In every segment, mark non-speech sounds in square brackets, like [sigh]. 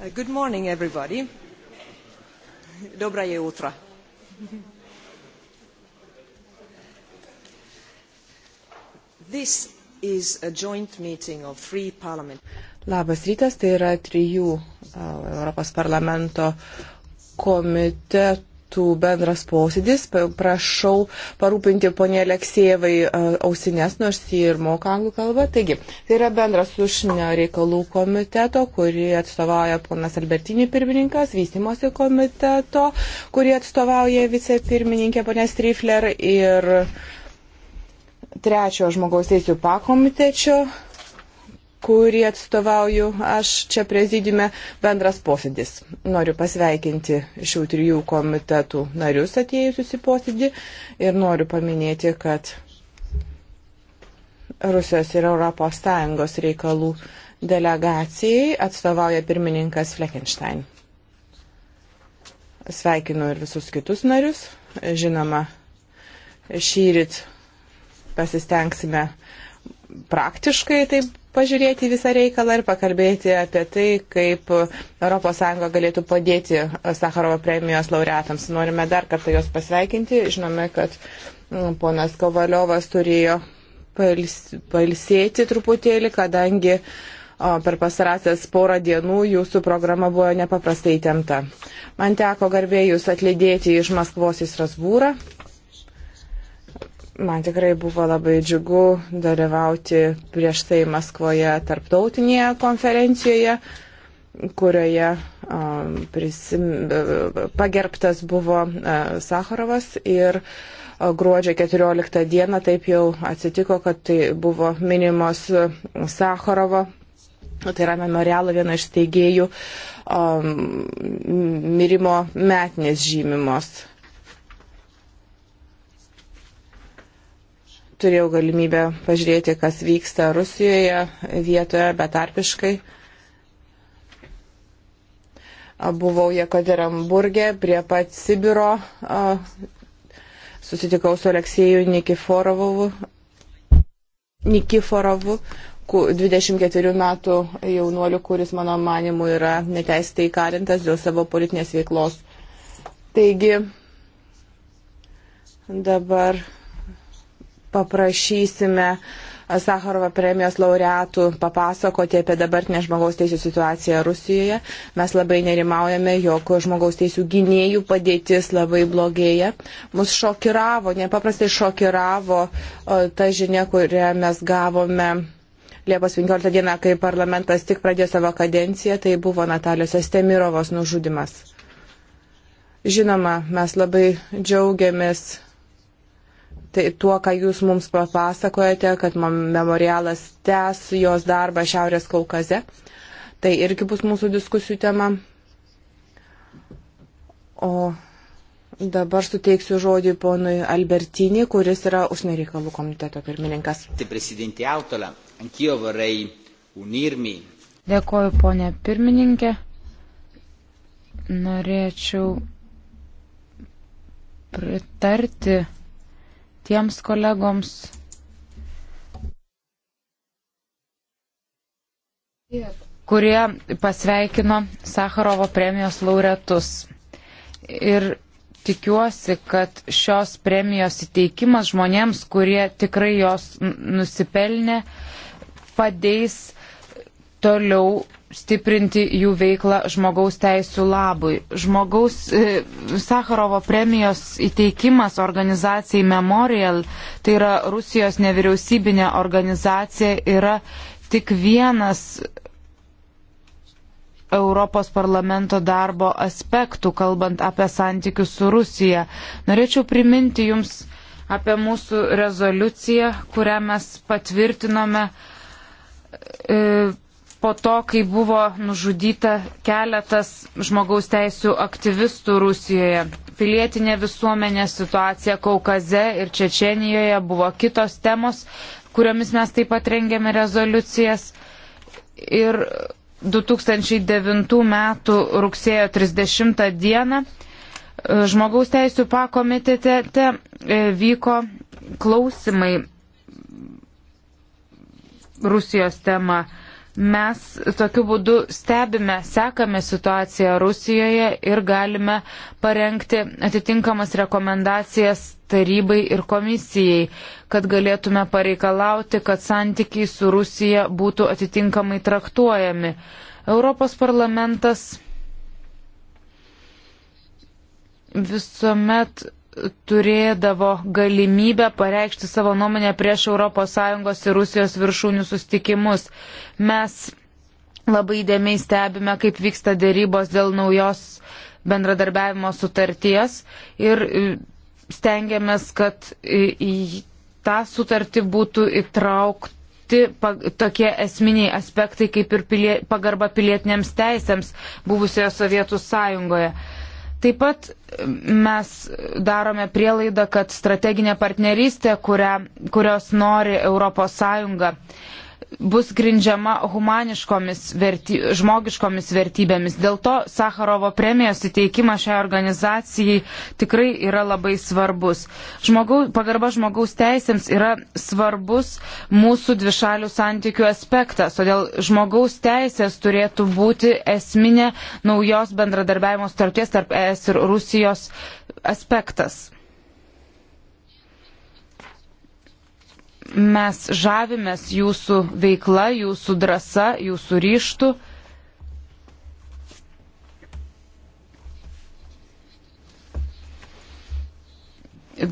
Uh, good morning, everybody. Доброе утро. This is a joint meeting of three parliament. Labas rytas, tai yra trijų uh, Europos parlamento komitetų metų bendras posėdis. Prašau parūpinti ponė Aleksėjevai ausinės, nors jį ir moka anglų kalbą. Taigi, tai yra bendras užsienio reikalų komiteto, kurį atstovauja ponas Albertinį pirmininkas, vystimosi komiteto, kurį atstovauja vicepirmininkė ponė Strifler ir trečio žmogaus teisų pakomitečio kurį atstovauju aš čia prezidime bendras posėdis. Noriu pasveikinti šių trijų komitetų narius atėjusius į posėdį ir noriu paminėti, kad Rusijos ir Europos Sąjungos reikalų delegacijai atstovauja pirmininkas Fleckenstein. Sveikinu ir visus kitus narius. Žinoma, šyrit pasistengsime praktiškai taip pažiūrėti visą reikalą ir pakalbėti apie tai, kaip ES galėtų padėti Sakarovo premijos laureatams. Norime dar kartą juos pasveikinti. Žinome, kad mm, ponas Kovaliovas turėjo palsėti truputėlį, kadangi per pasarasias porą dienų jūsų programa buvo nepaprastai temta. Man teko garbėjus atlydėti iš Maskvos į Strasbūrą. Man tikrai buvo labai džiugu dalyvauti prieš tai Maskvoje tarptautinėje konferencijoje, kurioje um, prisim, pagerbtas buvo uh, Sakarovas ir gruodžio 14 dieną taip jau atsitiko, kad tai buvo minimos Sakarovo tai yra memorialo viena iš steigėjų um, mirimo metinės žymimos. turėjau galimybę pažiūrėti, kas vyksta Rusijoje vietoje betarpiškai. Buvau Jekaterinburgė prie pat Sibiro, susitikau su Aleksėju Nikiforovu, Nikiforovu 24 metų jaunuoliu, kuris mano manimu yra neteistai įkalintas dėl savo politinės veiklos. Taigi dabar paprašysime Sakarovo premijos laureatų papasakoti apie dabartinę žmogaus teisų situaciją Rusijoje. Mes labai nerimaujame, jog žmogaus teisų gynėjų padėtis labai blogėja. Mus šokiravo, nepaprastai šokiravo ta žinia, kurią mes gavome. Liepos 15 dieną, kai parlamentas tik pradėjo savo kadenciją, tai buvo Natalijos Estemirovos nužudimas. Žinoma, mes labai džiaugiamės tai tuo, ką jūs mums papasakojate, kad memorialas tęs jos darbą Šiaurės Kaukaze. Tai irgi bus mūsų diskusijų tema. O Dabar suteiksiu žodį ponui Albertinį, kuris yra užsienio reikalų komiteto pirmininkas. Dėkoju, ponė pirmininkė. Norėčiau pritarti tiems kolegoms. kurie pasveikino Sakarovo premijos laureatus. Ir tikiuosi, kad šios premijos įteikimas žmonėms, kurie tikrai jos nusipelnė, padės toliau stiprinti jų veiklą žmogaus teisų labui. Žmogaus e, Sakarovo premijos įteikimas organizacijai Memorial, tai yra Rusijos nevyriausybinė organizacija, yra tik vienas Europos parlamento darbo aspektų, kalbant apie santykius su Rusija. Norėčiau priminti Jums apie mūsų rezoliuciją, kurią mes patvirtinome. E, po to, kai buvo nužudyta keletas žmogaus teisų aktyvistų Rusijoje. Pilietinė visuomenė situacija Kaukaze ir Čečenijoje buvo kitos temos, kuriomis mes taip pat rengėme rezoliucijas. Ir 2009 m. rugsėjo 30 d. E, žmogaus teisų pakomitete e, vyko klausimai Rusijos tema Mes tokiu būdu stebime, sekame situaciją Rusijoje ir galime parengti atitinkamas rekomendacijas tarybai ir komisijai, kad galėtume pareikalauti, kad santykiai su Rusija būtų atitinkamai traktuojami. Europos parlamentas visuomet turėdavo galimybę pareikšti savo nuomonę prieš ES ir Rusijos viršūnių sustikimus. Mes labai dėmiai stebime, kaip vyksta dėrybos dėl naujos bendradarbiavimo sutarties ir e, stengiamės, kad e, į tą sutartį būtų įtraukta kiti tokie esminiai aspektai kaip ir pilie, pagarba pilietinėms teisėms buvusioje Sovietų sąjungoje. Uh, Taip pat mes darome prielaidą, kad strateginė partnerystė, kurią, kurios nori ES, bus grindžiama humaniškomis, verty, žmogiškomis vertybėmis. Dėl to Sakarovo premijos įteikimas šiai organizacijai tikrai yra labai svarbus. Žmogau, pagarba žmogaus teisėms yra svarbus mūsų dvišalių santykių aspektas, todėl žmogaus teisės turėtų būti esminė naujos bendradarbiavimo starties tarp ES ir Rusijos aspektas. Mes žavimės jūsų veikla, jūsų drąsa, jūsų ryštų.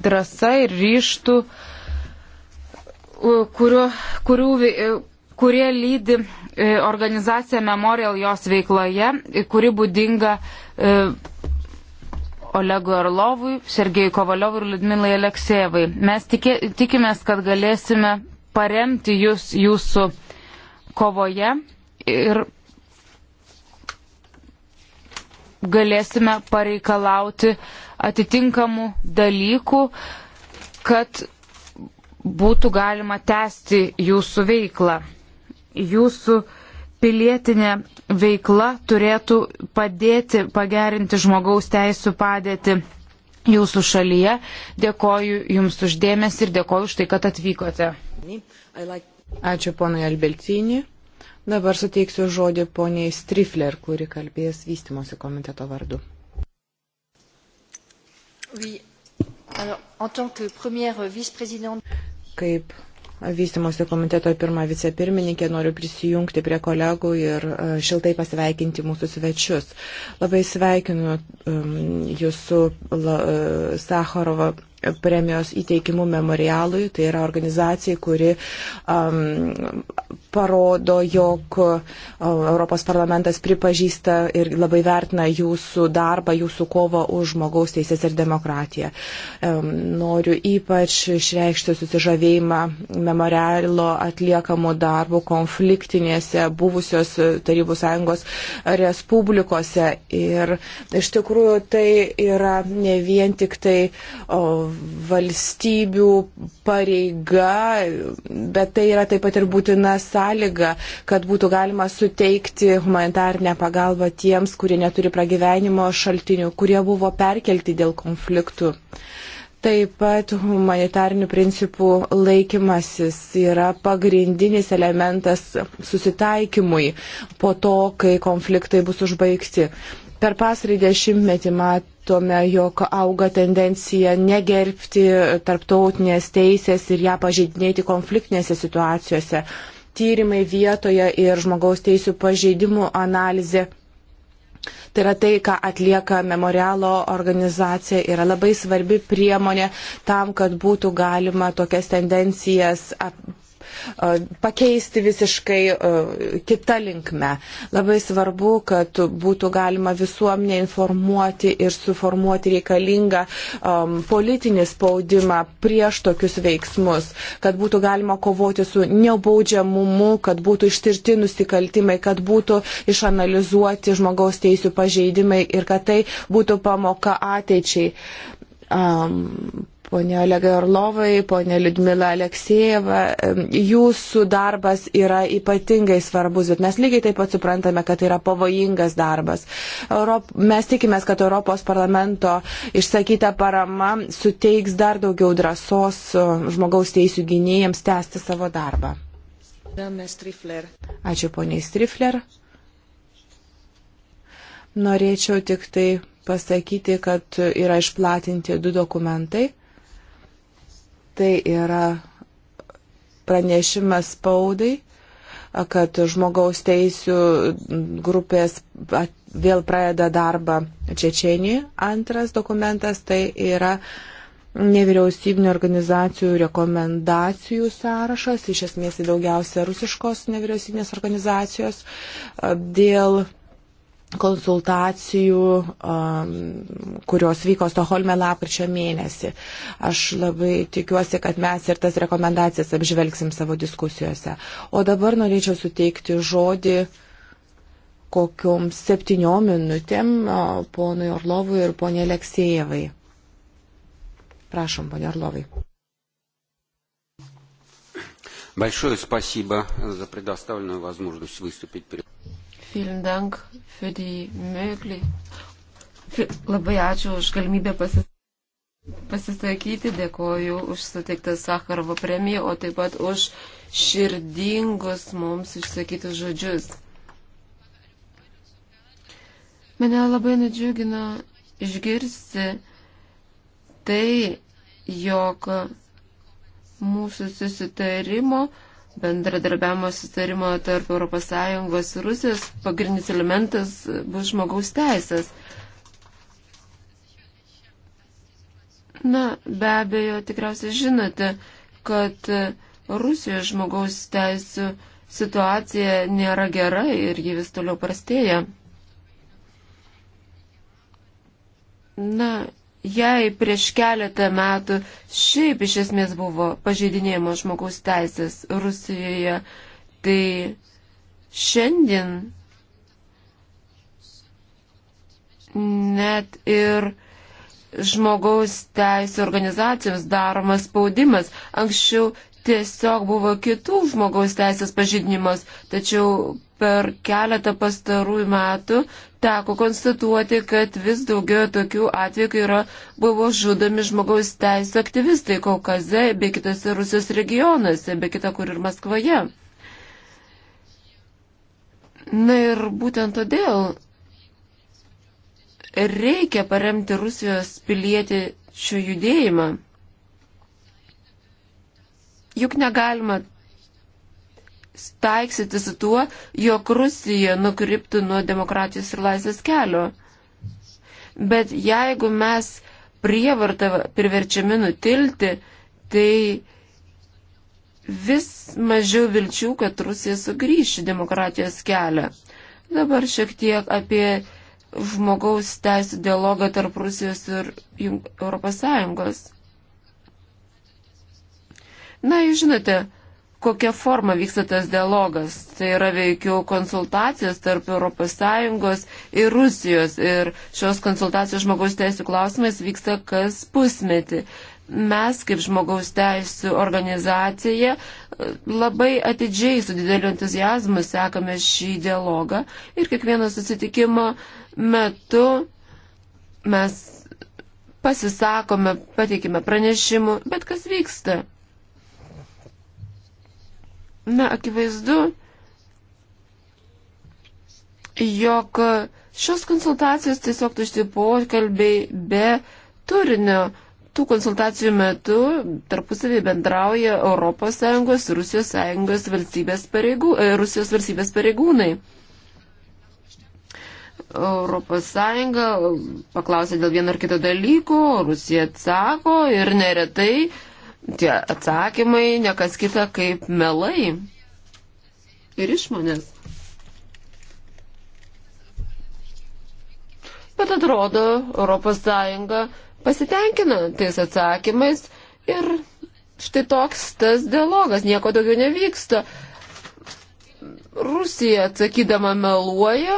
Drąsa ir ryštų, kurių, kurių, e, kurie lydi e, organizaciją Memorial jos veikloje, kuri būdinga e, Olegui Orlovui, Sergejui Kovaliovui ir Ludmilai Aleksejevai. Mes tikė, tikimės, kad galėsime paremti jūs jūsų kovoje ir galėsime pareikalauti atitinkamų dalykų, kad būtų galima tęsti jūsų veiklą. Jūsų uh, pilietinė veikla turėtų padėti pagerinti žmogaus teisų padėti jūsų šalyje. Dėkoju Jums uždėmesi ir dėkoju už tai, kad atvykote. Ačiū ponai Albeltini. Dabar suteiksiu žodį poniai Strifler, kuri kalbės vystimosi komiteto vardu. Kaip vystimosi komiteto pirmą vicepirmininkę, noriu prisijungti prie kolegų ir e, šiltai pasveikinti mūsų svečius. Labai sveikinu um, jūsų la, e, Sakharovo premijos įteikimu memorialui. Tai yra organizacija, kuri um, parodo, jog uh, Europos parlamentas pripažįsta ir labai vertina jūsų darbą, jūsų kovą už žmogaus teisės ir demokratiją. Um, noriu ypač išreikšti susižavėjimą memorialo atliekamų darbų konfliktinėse buvusios Tarybų sąjungos respublikose. Ir iš tikrųjų tai yra ne vien tik tai o, valstybių pareiga, bet tai yra taip pat ir būtina sąlyga, kad būtų galima suteikti humanitarnę pagalbą tiems, kurie neturi pragyvenimo šaltinių, kurie buvo perkelti dėl konfliktų. Taip pat humanitarnių principų laikymasis yra pagrindinis elementas susitaikymui po to, kai konfliktai bus užbaigti. Per pasarį dešimtmetį mat, matome, jog auga tendencija negerbti tarptautinės teisės ir ją pažeidinėti konfliktinėse situacijose. Tyrimai vietoje ir žmogaus teisų pažeidimų analizė. Tai yra tai, ką atlieka memorialo organizacija, yra labai svarbi priemonė tam, kad būtų galima tokias tendencijas pakeisti visiškai kitą linkmę. Labai svarbu, kad būtų galima visuomenę informuoti ir suformuoti reikalingą um, politinį spaudimą prieš tokius veiksmus, kad būtų galima kovoti su nebaudžiamumu, kad būtų ištirti nusikaltimai, kad būtų išanalizuoti žmogaus teisų pažeidimai ir kad tai būtų pamoka ateičiai um, ponė Olegai Orlovai, ponė Liudmila Aleksejeva, jūsų darbas yra ypatingai svarbus, bet mes lygiai taip pat suprantame, kad tai yra pavojingas darbas. Europ... Mes tikimės, kad Europos parlamento išsakyta parama suteiks dar daugiau drąsos žmogaus teisų gynėjams tęsti savo darbą. Ačiū poniai Strifler. Norėčiau tik tai pasakyti, kad yra išplatinti du dokumentai. Tai yra pranešimas spaudai, kad žmogaus teisų grupės vėl pradeda darbą Čečienijoje. Antras dokumentas tai yra nevyriausybinio organizacijų rekomendacijų sąrašas, iš esmės tai daugiausia rusiškos nevyriausybinės organizacijos dėl konsultacijų, kurios vyko Stoholme lapkričio mėnesį. Aš labai tikiuosi, kad mes ir tas rekomendacijas apžvelgsim savo diskusijose. O dabar norėčiau suteikti žodį kokiom septyniom minutėm ponui Orlovui ir ponė Aleksejevai. Prašom, ponė Orlovai. Большое спасибо за предоставленную возможность выступить перед... Filindank, Fidi Mėgli. Labai ačiū už galimybę pasisakyti. Pasisakyti dėkoju už suteiktą Sakarovo premiją, o taip pat už širdingus mums išsakytus žodžius. Mane labai nudžiugino išgirsti tai, jog mūsų susitarimo bendradarbiavimo sustarimo tarp ES ir Rusijos pagrindinis elementas bus žmogaus teisės. Na, be abejo, tikriausiai žinote, kad Rusijos žmogaus teisų situacija nėra gera ir ji vis toliau prastėja. Na, jei prieš keletą metų šiaip iš esmės buvo pažeidinėjimo žmogaus teisės Rusijoje, tai šiandien net ir žmogaus teisų organizacijoms daromas spaudimas. Anksčiau tiesiog buvo kitų žmogaus teisės pažydinimas, tačiau per keletą pastarųjų metų teko konstatuoti, kad vis daugiau tokių atvejų yra buvo žudomi žmogaus teisų aktyvistai Kaukaze, bei kitose Rusijos regionuose, bei kita kur ir Maskvoje. Na ir būtent todėl reikia paremti Rusijos piliečių judėjimą. Juk negalima taiksyti su tuo, jog Rusija nukryptų nuo demokratijos ir laisvės kelio. Bet jeigu mes prievartą priverčiami nutilti, tai vis mažiau vilčių, kad Rusija sugrįš į demokratijos kelią. Dabar šiek tiek apie žmogaus teisų dialogą tarp Rusijos ir ES. Na, jūs žinote, kokia forma vyksta tas dialogas. Tai yra veikiau konsultacijos tarp ES ir Rusijos. Ir šios konsultacijos žmogaus teisų klausimais vyksta kas pusmetį. Mes, kaip žmogaus teisų organizacija, labai atidžiai su dideliu entuzijazmu sekame šį dialogą ir kiekvieno susitikimo metu mes pasisakome, pateikime pranešimų, bet kas vyksta. Na, akivaizdu, jog šios konsultacijos tiesiog tušti pokalbiai be turinio. Tų konsultacijų metu tarpusavį bendrauja ES ir Rusijos, Sąjungos valstybės pareigų, e, Rusijos valstybės pareigūnai. ES paklausė dėl vieno ar kito dalyko, Rusija atsako ir neretai uh, tie atsakymai nekas kita kaip melai ir išmonės. Bet atrodo, ES pasitenkina tais atsakymais ir štai toks tas dialogas, nieko daugiau nevyksta. Rusija atsakydama meluoja,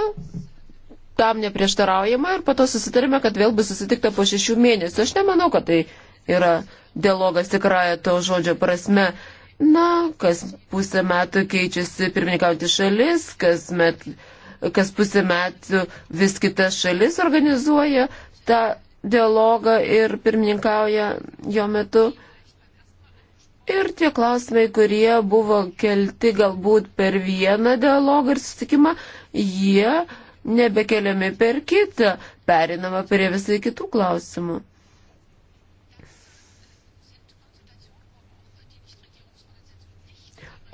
tam neprieštaraujama ir po to susitarime, kad vėl bus susitikta po šešių mėnesių. Aš nemanau, kad tai yra dialogas tikrąją to žodžio prasme. Na, kas pusę metų keičiasi pirmininkauti šalis, kas, met, kas pusę metų vis kita šalis organizuoja tą dialogą ir pirmininkauja jo metu. Ir tie klausimai, kurie buvo kelti galbūt per vieną dialogą ir susitikimą, jie nebekeliami per kitą, perinama prie visai kitų klausimų.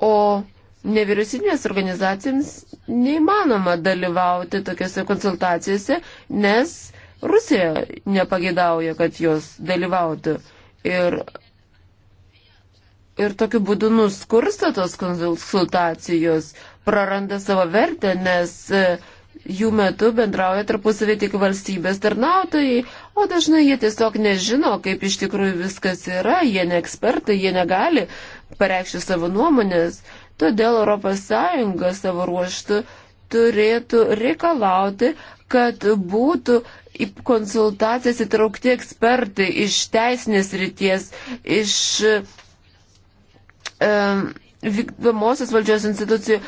o nevyriausybinės organizacijoms neįmanoma dalyvauti tokiuose konsultacijose, nes Rusija nepagėdauja, kad jos dalyvautų. Ir, ir tokiu būdu nuskursta tos konsultacijos, praranda savo vertę, nes e, jų metu bendrauja tarpusavį tik valstybės tarnautojai o dažnai jie tiesiog nežino, kaip iš tikrųjų viskas yra, jie ne ekspertai, jie negali pareikšti savo nuomonės. Todėl ES savo ruoštų turėtų reikalauti, kad būtų į konsultacijas įtraukti ekspertai iš teisinės ryties, iš um, vykdomosios valdžios institucijų,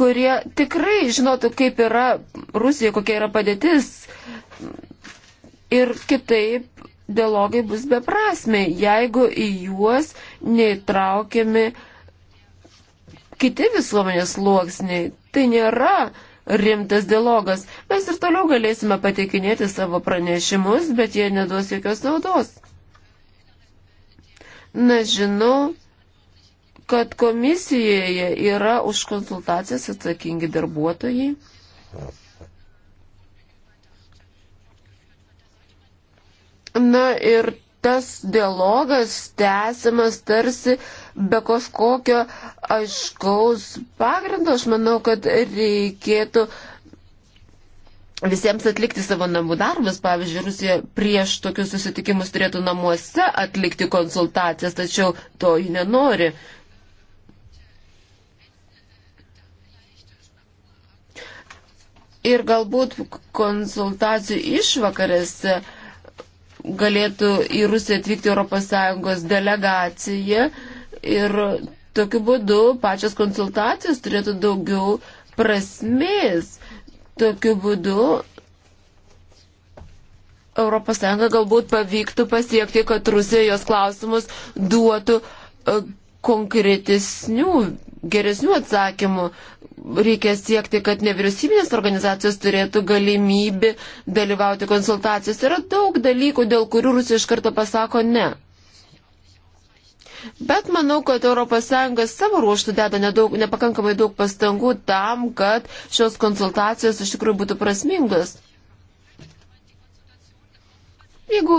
kurie tikrai žinotų, kaip yra Rusija, kokia yra padėtis, ir kitaip dialogai bus beprasmiai, jeigu į juos neįtraukiami kiti visuomenės sluoksniai. Tai nėra rimtas dialogas. Mes ir toliau galėsime pateikinėti savo pranešimus, bet jie neduos jokios naudos. Na, žinau, kad komisijoje yra už konsultacijas atsakingi darbuotojai. Na ir tas dialogas tęsiamas tarsi be kažkokio aiškaus pagrindo. Aš manau, kad reikėtų visiems atlikti savo namų darbus. Pavyzdžiui, Rusija prieš tokius susitikimus turėtų namuose atlikti konsultacijas, tačiau to ji nenori. Ir galbūt konsultacijų išvakarėse uh, galėtų į Rusiją atvykti ES delegacija ir tokiu būdu pačios konsultacijos turėtų daugiau prasmės. Tokiu būdu ES galbūt pavyktų pasiekti, kad Rusija jos klausimus duotų konkretesnių, geresnių atsakymų. Reikia siekti, kad nevyriausybinės organizacijos turėtų galimybę dalyvauti konsultacijos. Yra daug dalykų, dėl kurių Rusija iš karto pasako ne. Bet manau, kad ES savo ruoštų deda nedaug, nepakankamai daug pastangų tam, kad šios konsultacijos iš tikrųjų būtų prasmingos. Jeigu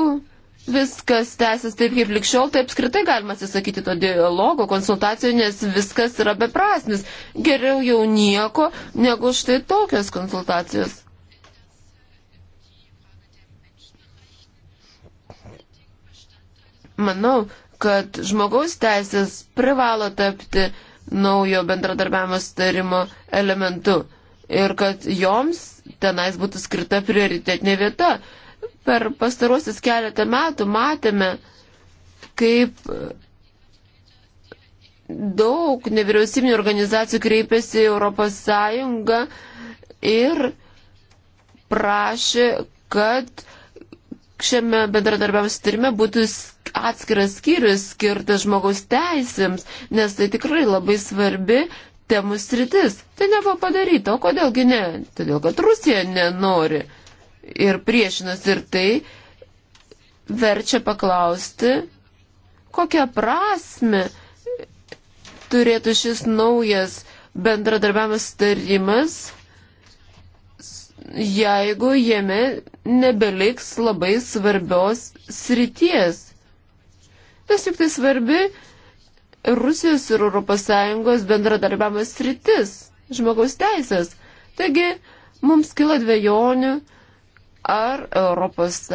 viskas tęsis taip kaip likščiol, tai apskritai galima atsisakyti to dialogo, konsultacijų, nes viskas yra beprasmis. Geriau jau nieko, negu štai tokios konsultacijos. Manau, kad žmogaus teisės privalo tapti naujo bendradarbiavimo starimo elementu ir kad joms tenais būtų skirta prioritetinė vieta per pastaruosius keletą metų matėme, kaip daug nevyriausybinių organizacijų kreipėsi į Europos Sąjungą ir prašė, kad šiame bendradarbiavimo sutarime būtų atskiras skyrius skirtas žmogaus teisėms, nes tai tikrai labai svarbi temų sritis. Tai nebuvo padaryta, o kodėlgi ne? Todėl, kad Rusija nenori ir priešinosi ir tai verčia paklausti, kokią prasme turėtų šis naujas bendradarbiavimas tarimas, jeigu jame nebeliks labai svarbios srities. Tas juk tai svarbi Rusijos ir ES bendradarbiavimas sritis - žmogaus teisės. Taigi, mums kila dviejonių, ar ES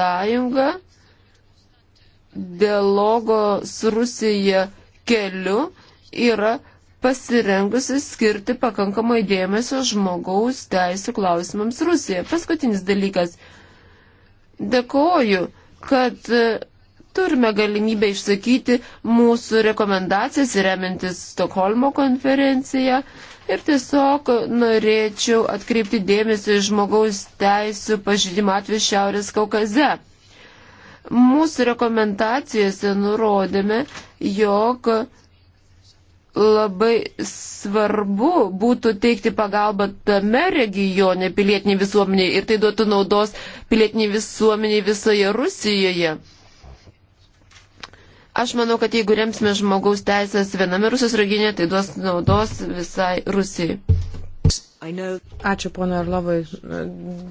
dialogo su Rusija keliu yra pasirengusi skirti pakankamai dėmesio žmogaus teisų klausimams Rusijoje. Paskutinis dalykas. Dėkoju, kad turime galimybę išsakyti mūsų rekomendacijas remiantis Stokholmo konferenciją. Ir tiesiog norėčiau atkreipti dėmesį žmogaus teisų pažydimo atveju Šiaurės Kaukaze. Mūsų rekomendacijose nurodėme, jog labai svarbu būtų teikti pagalbą tame regione pilietiniai visuomeniai ir tai duotų naudos pilietiniai visuomeniai visoje Rusijoje. Aš manau, kad jeigu remsime žmogaus teisės viename Rusijos regione, tai duos naudos visai Rusijai. Ačiū pono Arlovai.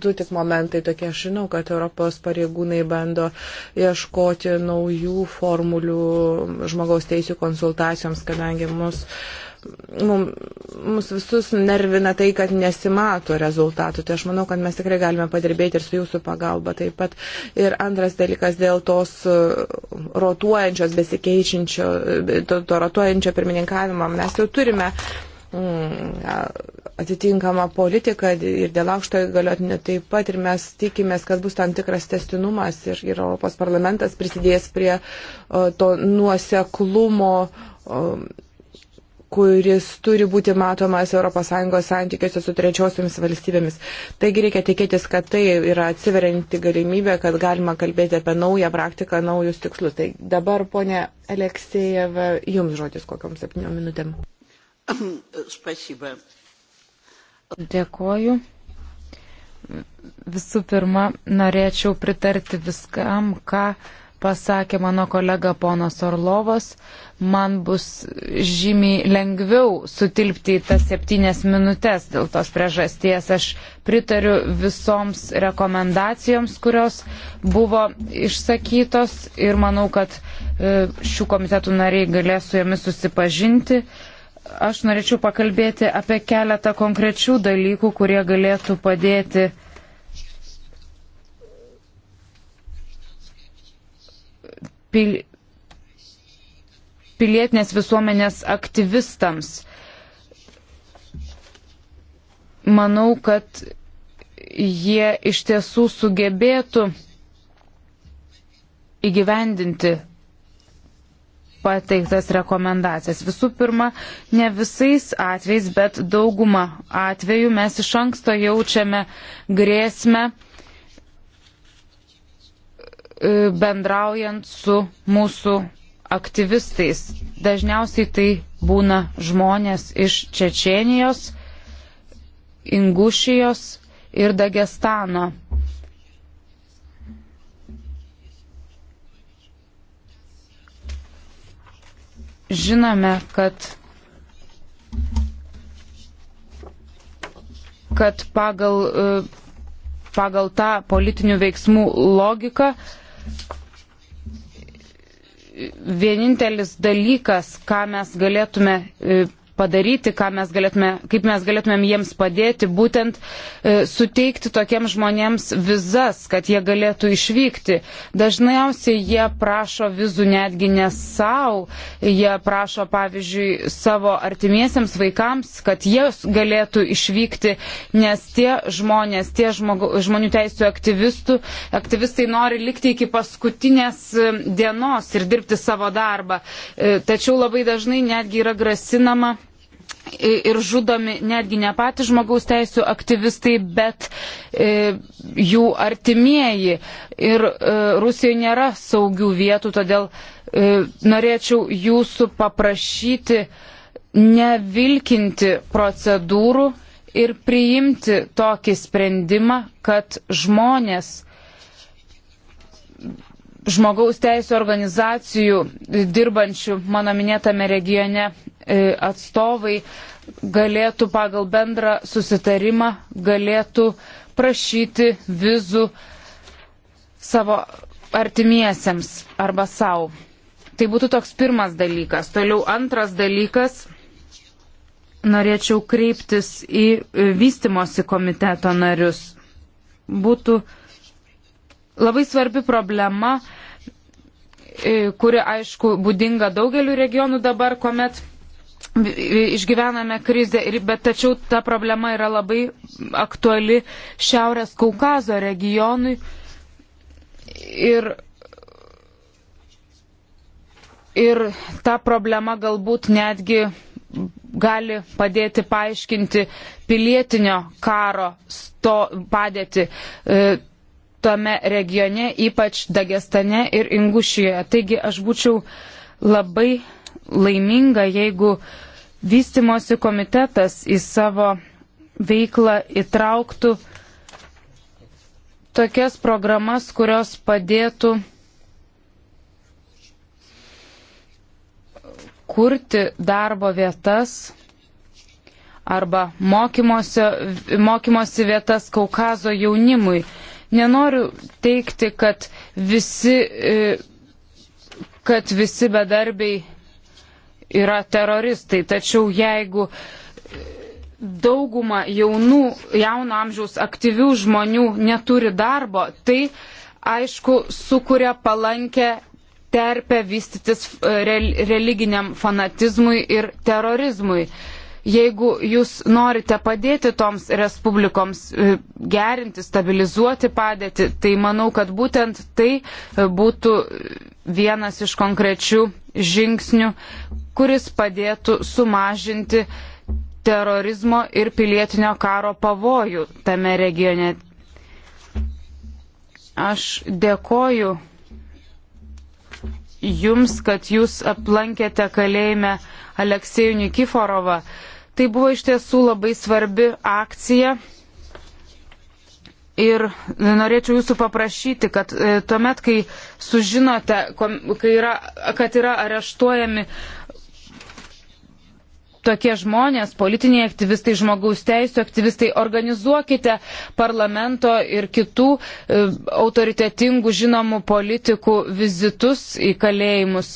Du tik momentai tokie. Aš žinau, kad Europos pareigūnai bando ieškoti naujų formulių žmogaus teisų konsultacijoms, kadangi mus uh, mums visus nervina tai, kad nesimato rezultatų. Tai aš manau, kad mes tikrai galime padirbėti ir su jūsų pagalba taip pat. Ir antras dalykas dėl tos uh, rotuojančios, besikeičiančio, to, to rotuojančio pirmininkavimo. Mes jau turime mm, atitinkamą politiką ir dėl aukšto įgaliotinio taip pat ir mes tikimės, kad bus tam tikras testinumas ir, ir Europos parlamentas prisidės prie uh, to nuoseklumo um, kuris turi būti matomas ES santykiuose su trečiosiomis valstybėmis. Taigi reikia tikėtis, kad tai yra atsiverinti galimybė, kad galima kalbėti apie naują praktiką, naujus tikslus. Tai dabar, ponė Aleksejeva, jums žodis kokiam septyniom minutėm. Dėkoju. Visų pirma, norėčiau pritarti viskam, ką pasakė mano kolega ponas Orlovas, man bus žymiai lengviau sutilpti į tas septynias minutės. Dėl tos priežasties aš pritariu visoms rekomendacijoms, kurios buvo išsakytos ir manau, kad e, šių komitetų nariai galės su jomis susipažinti. Aš norėčiau pakalbėti apie keletą konkrečių dalykų, kurie galėtų padėti pil, pilietinės visuomenės aktyvistams. Manau, kad jie iš tiesų sugebėtų įgyvendinti pateiktas rekomendacijas. Visų pirma, ne visais atvejais, bet dauguma atvejų mes iš anksto jaučiame grėsmę E, bendraujant su mūsų aktyvistais. Dažniausiai tai būna žmonės iš Čečienijos, Ingušijos ir Dagestano. Žinome, kad, kad pagal, e, pagal tą politinių veiksmų logiką vienintelis dalykas, ką mes galėtume e, padaryti, mes galėtume, kaip mes galėtumėm jiems padėti, būtent e, suteikti tokiems žmonėms vizas, kad jie galėtų išvykti. Dažniausiai jie prašo vizų netgi ne savo, jie prašo pavyzdžiui savo artimiesiems vaikams, kad jie galėtų išvykti, nes tie žmonės, tie žmogu, žmonių teisų aktyvistų, aktyvistai nori likti iki paskutinės e, dienos ir dirbti savo darbą. E, tačiau labai dažnai netgi yra grasinama ir žudomi netgi ne patys žmogaus teisų aktyvistai, bet e, jų artimieji. Ir e, Rusijoje nėra saugių vietų, todėl e, norėčiau jūsų paprašyti nevilkinti procedūrų ir priimti tokį sprendimą, kad žmonės žmogaus teisų organizacijų dirbančių mano minėtame regione e, atstovai galėtų pagal bendrą susitarimą galėtų prašyti vizų savo artimiesiems arba savo. Tai būtų toks pirmas dalykas. Toliau antras dalykas. Norėčiau kreiptis į vystimosi komiteto narius. Būtų labai svarbi problema E, kuri aišku būdinga daugeliu regionų dabar, kuomet išgyvename krizę, bet tačiau ta problema yra labai aktuali Šiaurės Kaukazo regionui. Ir, ir ta problema galbūt netgi gali padėti paaiškinti pilietinio karo sto, padėti. E, tame regione, ypač Dagestane ir Ingušijoje. Taigi aš būčiau labai laiminga, jeigu vystimosi komitetas į savo veiklą įtrauktų tokias programas, kurios padėtų kurti darbo vietas arba mokymosi, mokymosi vietas Kaukazo jaunimui. Nenoriu teikti, kad visi, e, kad visi bedarbiai yra teroristai, tačiau jeigu dauguma jaunų, jauno amžiaus aktyvių žmonių neturi darbo, tai aišku sukuria palankę terpę vystytis e, religiniam fanatizmui ir terorizmui. Jeigu jūs norite padėti toms respublikoms e, gerinti, stabilizuoti padėtį, tai manau, kad būtent tai e, būtų vienas iš konkrečių žingsnių, kuris padėtų sumažinti terorizmo ir pilietinio karo pavojų tame regione. Aš dėkoju Jums, kad Jūs aplankėte kalėjime Aleksejų Nikiforovą. Tai buvo iš tiesų labai svarbi akcija. Ir norėčiau jūsų paprašyti, kad e, tuomet, kai sužinote, kai yra, kad yra areštuojami tokie žmonės, politiniai aktyvistai, žmogaus teisų aktyvistai, organizuokite parlamento ir kitų e, autoritetingų žinomų politikų vizitus į kalėjimus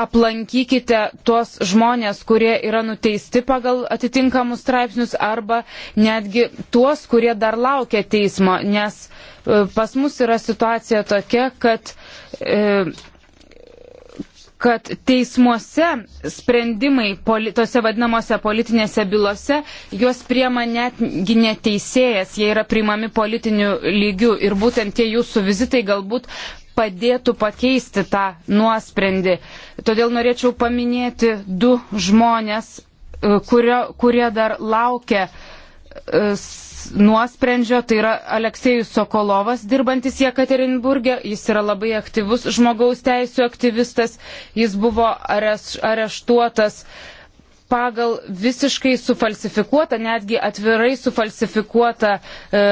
aplankykite tuos žmonės, kurie yra nuteisti pagal atitinkamus straipsnius arba netgi tuos, kurie dar laukia teismo, nes e, pas mus yra situacija tokia, kad, e, kad teismuose sprendimai tose vadinamose politinėse bylose, juos priema netgi neteisėjas, jie yra priimami politiniu lygiu ir būtent tie jūsų vizitai galbūt padėtų pakeisti tą nuosprendį. Todėl norėčiau paminėti du žmonės, e, kurio, kurie dar laukia e, nuosprendžio, tai yra Aleksėjus Sokolovas, dirbantis Jekaterinburgė, jis yra labai aktyvus žmogaus teisų aktyvistas, jis buvo areštuotas pagal visiškai sufalsifikuotą, netgi atvirai sufalsifikuotą, e,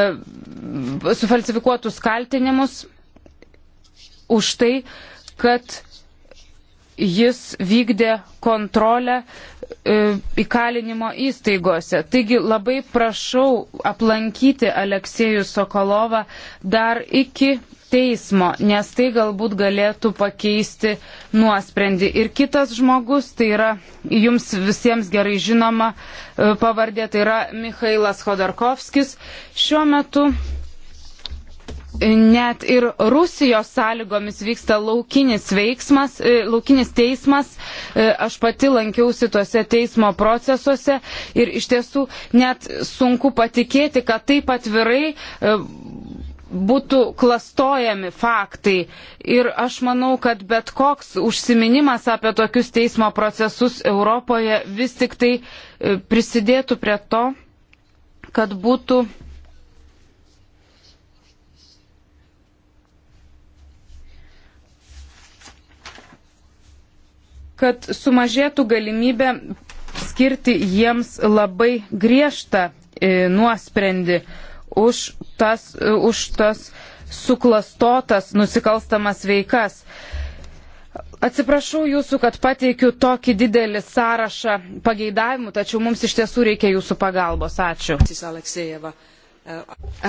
sufalsifikuotus kaltinimus už tai, kad jis vykdė kontrolę e, įkalinimo įstaigose. Taigi labai prašau aplankyti Aleksėjų Sokolovą dar iki teismo, nes tai galbūt galėtų pakeisti nuosprendį. Ir kitas žmogus, tai yra jums visiems gerai žinoma e, pavardė, tai yra Mikhailas Khodorkovskis. Šiuo metu net ir Rusijos sąlygomis vyksta laukinis veiksmas, e, laukinis teismas. E, aš pati lankiausi tuose teismo procesuose ir iš tiesų net sunku patikėti, kad taip atvirai e, būtų klastojami faktai. Ir aš manau, kad bet koks užsiminimas apie tokius teismo procesus Europoje vis tik tai prisidėtų prie to, kad būtų kad sumažėtų galimybė skirti jiems labai griežtą e, nuosprendį už tas, e, už tas suklastotas nusikalstamas veikas. Atsiprašau jūsų, kad pateikiu tokį didelį sąrašą pageidavimų, tačiau mums iš tiesų reikia jūsų pagalbos. Ačiū.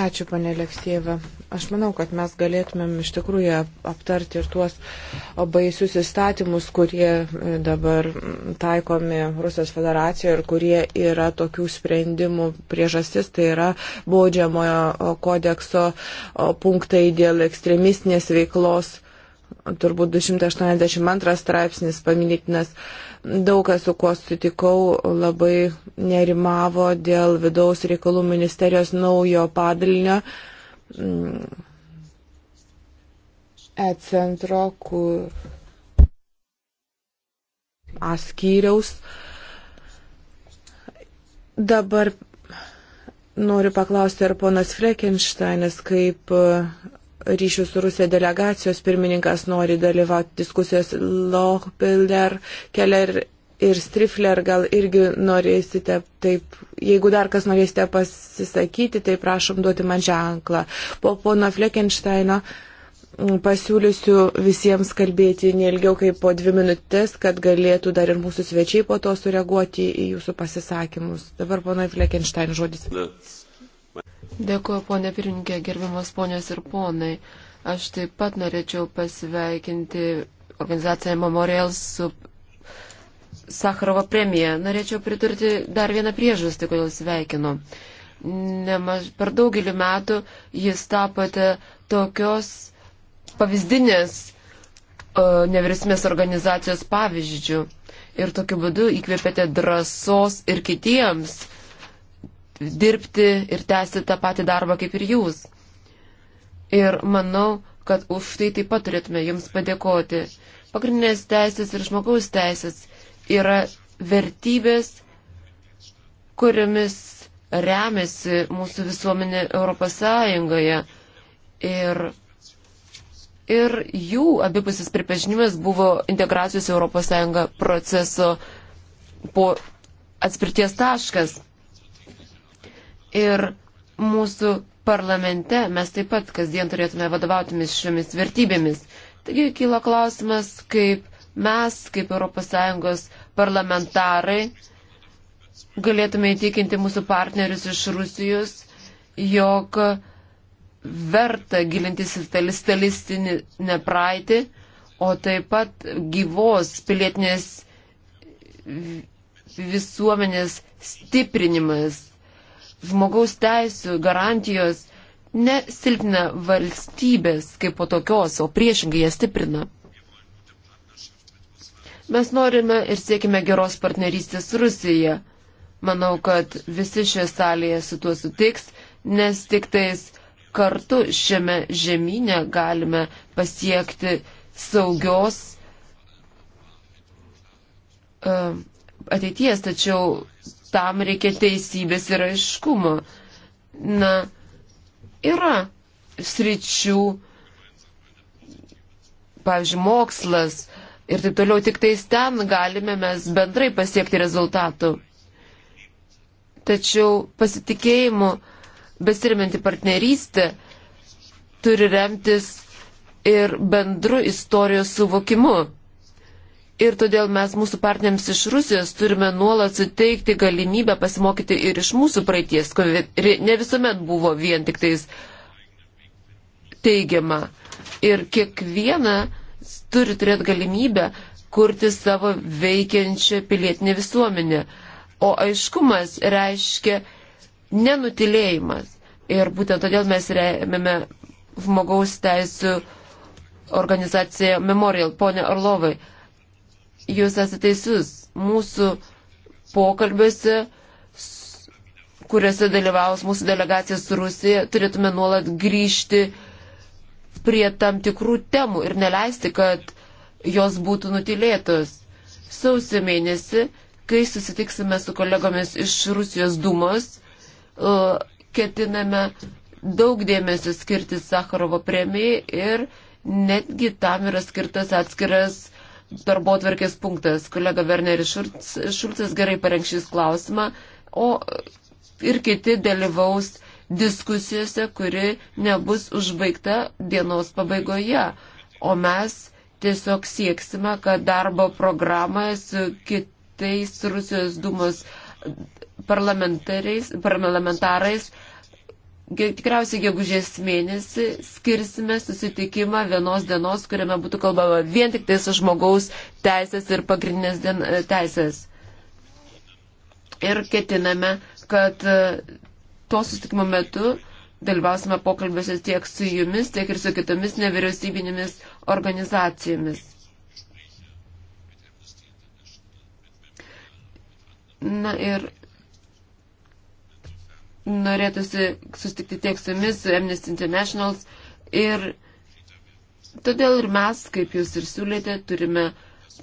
Ačiū, panė Leksieva. Aš manau, kad mes galėtumėm iš tikrųjų aptarti ir tuos baisius įstatymus, kurie e, dabar taikomi Rusijos federacijoje ir kurie yra tokių sprendimų priežastis. Tai yra baudžiamojo kodekso punktai dėl ekstremistinės veiklos turbūt 282 straipsnis paminėtinas, daug kas su kuo sutikau labai nerimavo dėl vidaus reikalų ministerijos naujo padalinio mm, e-centro, kur askyriaus. Dabar noriu paklausti, ar ponas Frekensteinas kaip ryšių su Rusija delegacijos pirmininkas nori dalyvauti diskusijos Lochbilder, Keller ir Strifler, gal irgi norėsite taip, jeigu dar kas norėsite pasisakyti, tai prašom duoti man ženklą. Po pono Fleckensteino pasiūlysiu visiems kalbėti neilgiau kaip po dvi minutės, kad galėtų dar ir mūsų svečiai po to sureaguoti į jūsų pasisakymus. Dabar pono Fleckenstein žodis. That's Dėkuoju, ponė pirmininkė, gerbiamas ponios ir ponai. Aš taip pat norėčiau pasveikinti organizaciją Memorial su Sakharovo premija. Norėčiau pridurti dar vieną priežastį, kodėl sveikinu. Nemaž, per daugelį metų jis tapote tokios pavyzdinės uh, nevyriausybės organizacijos pavyzdžių. Ir tokiu būdu įkvėpėte drąsos ir kitiems uh, dirbti ir tęsti tą patį darbą kaip ir jūs. Ir manau, kad už tai taip pat turėtume jums padėkoti. Pagrindinės teisės ir žmogaus teisės yra vertybės, kuriamis remiasi mūsų visuomenė Europos Sąjungoje. Ir, ir jų abipusis pripažinimas buvo integracijos Europos Sąjunga proceso po atspirties taškas. Ir mūsų parlamente mes taip pat kasdien turėtume vadovautumis šiomis vertybėmis. Taigi kyla klausimas, kaip mes, kaip ES parlamentarai, galėtume įtikinti mūsų partnerius iš Rusijos, jog verta gilintis į stalistinį praeitį, o taip pat gyvos pilietinės visuomenės stiprinimas žmogaus teisų garantijos nesilpnina valstybės kaip po tokios, o priešingai jas stiprina. Mes norime ir siekime geros partnerystės Rusija. Manau, kad visi šioje salėje su tuo sutiks, nes tik tais kartu šiame žemynė galime pasiekti saugios uh, ateities, tačiau tam reikia teisybės ir aiškumo. Na, yra sričių, pavyzdžiui, mokslas ir taip toliau, tik tais ten galime mes bendrai pasiekti rezultatų. Tačiau pasitikėjimu besiriminti partnerystę turi remtis ir bendru istorijos suvokimu. Ir todėl mes mūsų partneriams iš Rusijos turime nuolat suteikti galimybę pasimokyti ir iš mūsų praeities, kuri ne visuomet buvo vien tik tais teigiama. Ir kiekviena turi turėti galimybę kurti savo veikiančią pilietinę visuomenę. O aiškumas reiškia nenutilėjimas. Ir būtent todėl mes remiame žmogaus teisų organizaciją Memorial. Pone Orlovai, jūs esate teisus. Mūsų pokalbiuose, kuriuose dalyvaus mūsų delegacija su Rusija, turėtume nuolat grįžti prie tam tikrų temų ir neleisti, kad jos būtų nutilėtos. Sausio mėnesį, kai susitiksime su kolegomis iš Rusijos Dumos, e, ketiname daug dėmesio skirti Sakarovo premijai ir netgi tam yra skirtas atskiras darbo atverkės punktas. Kolega Werneris Šulcas gerai parengšys klausimą, o ir kiti dalyvaus diskusijose, kuri nebus užbaigta dienos pabaigoje. O mes tiesiog sieksime, kad darbo programoje su kitais Rusijos Dumos parlamentarais tikriausiai gegužės mėnesį skirsime susitikimą vienos dienos, kuriame būtų kalbama vien tik tais žmogaus teisės ir pagrindinės dien, e, teisės. Ir ketiname, kad e, to susitikimo metu dalyvausime pokalbėse tiek su jumis, tiek ir su kitomis nevyriausybinėmis organizacijomis. Na ir norėtųsi sustikti tiek su jumis, su Amnesty Internationals. Ir todėl ir mes, kaip jūs ir siūlėte, turime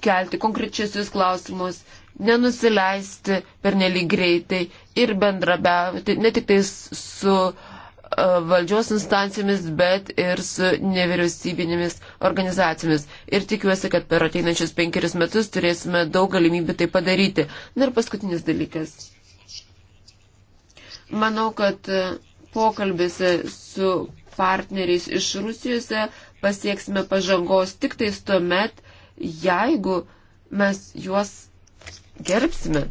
kelti konkrečius jūs klausimus, nenusileisti per nelik greitai ir bendrabiauti ne tik tai su e, valdžios instancijomis, bet ir su nevyriausybinėmis organizacijomis. Ir tikiuosi, kad per ateinančius penkerius metus turėsime daug galimybių tai padaryti. Na ir paskutinis dalykas Manau, kad pokalbėse su partneriais iš Rusijos pasieksime pažangos tik tais tuo met, jeigu mes juos gerbsime.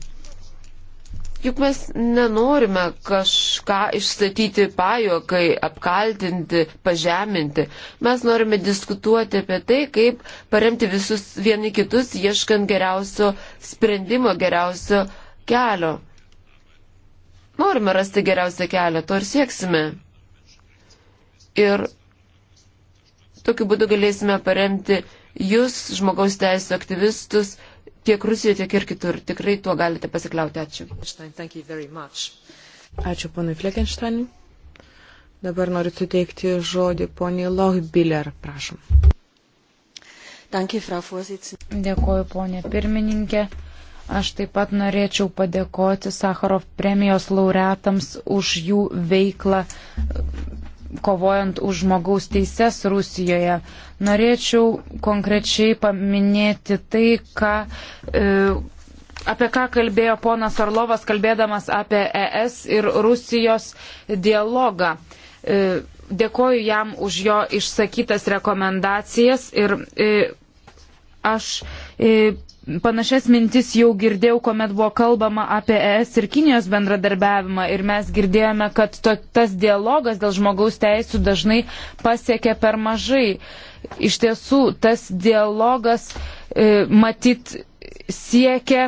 Juk mes nenorime kažką išstatyti pajokai, apkaltinti, pažeminti. Mes norime diskutuoti apie tai, kaip paremti visus vieni kitus, ieškant geriausio sprendimo, geriausio kelio norime rasti geriausią kelią, to ir sieksime. Ir tokiu būdu galėsime paremti jūs, žmogaus teisų aktyvistus, tiek Rusijoje, tiek ir kitur. Tikrai tuo galite pasikliauti. Ačiū. Ačiū ponui Fleckensteinui. Dabar noriu suteikti žodį poniai Lochbiller, prašom. Dėkuoju, ponė pirmininkė. Aš taip pat norėčiau padėkoti Sakarov premijos laureatams už jų veiklą kovojant už žmogaus teises Rusijoje. Norėčiau konkrečiai paminėti tai, ką, e, apie ką kalbėjo ponas Orlovas, kalbėdamas apie ES ir Rusijos dialogą. E, dėkoju jam už jo išsakytas rekomendacijas ir e, aš. E, Panašias mintis jau girdėjau, kuomet buvo kalbama apie ES ir Kinijos bendradarbiavimą ir mes girdėjome, kad to, tas dialogas dėl žmogaus teisų dažnai pasiekia per mažai. Iš tiesų, tas dialogas e, matyt siekia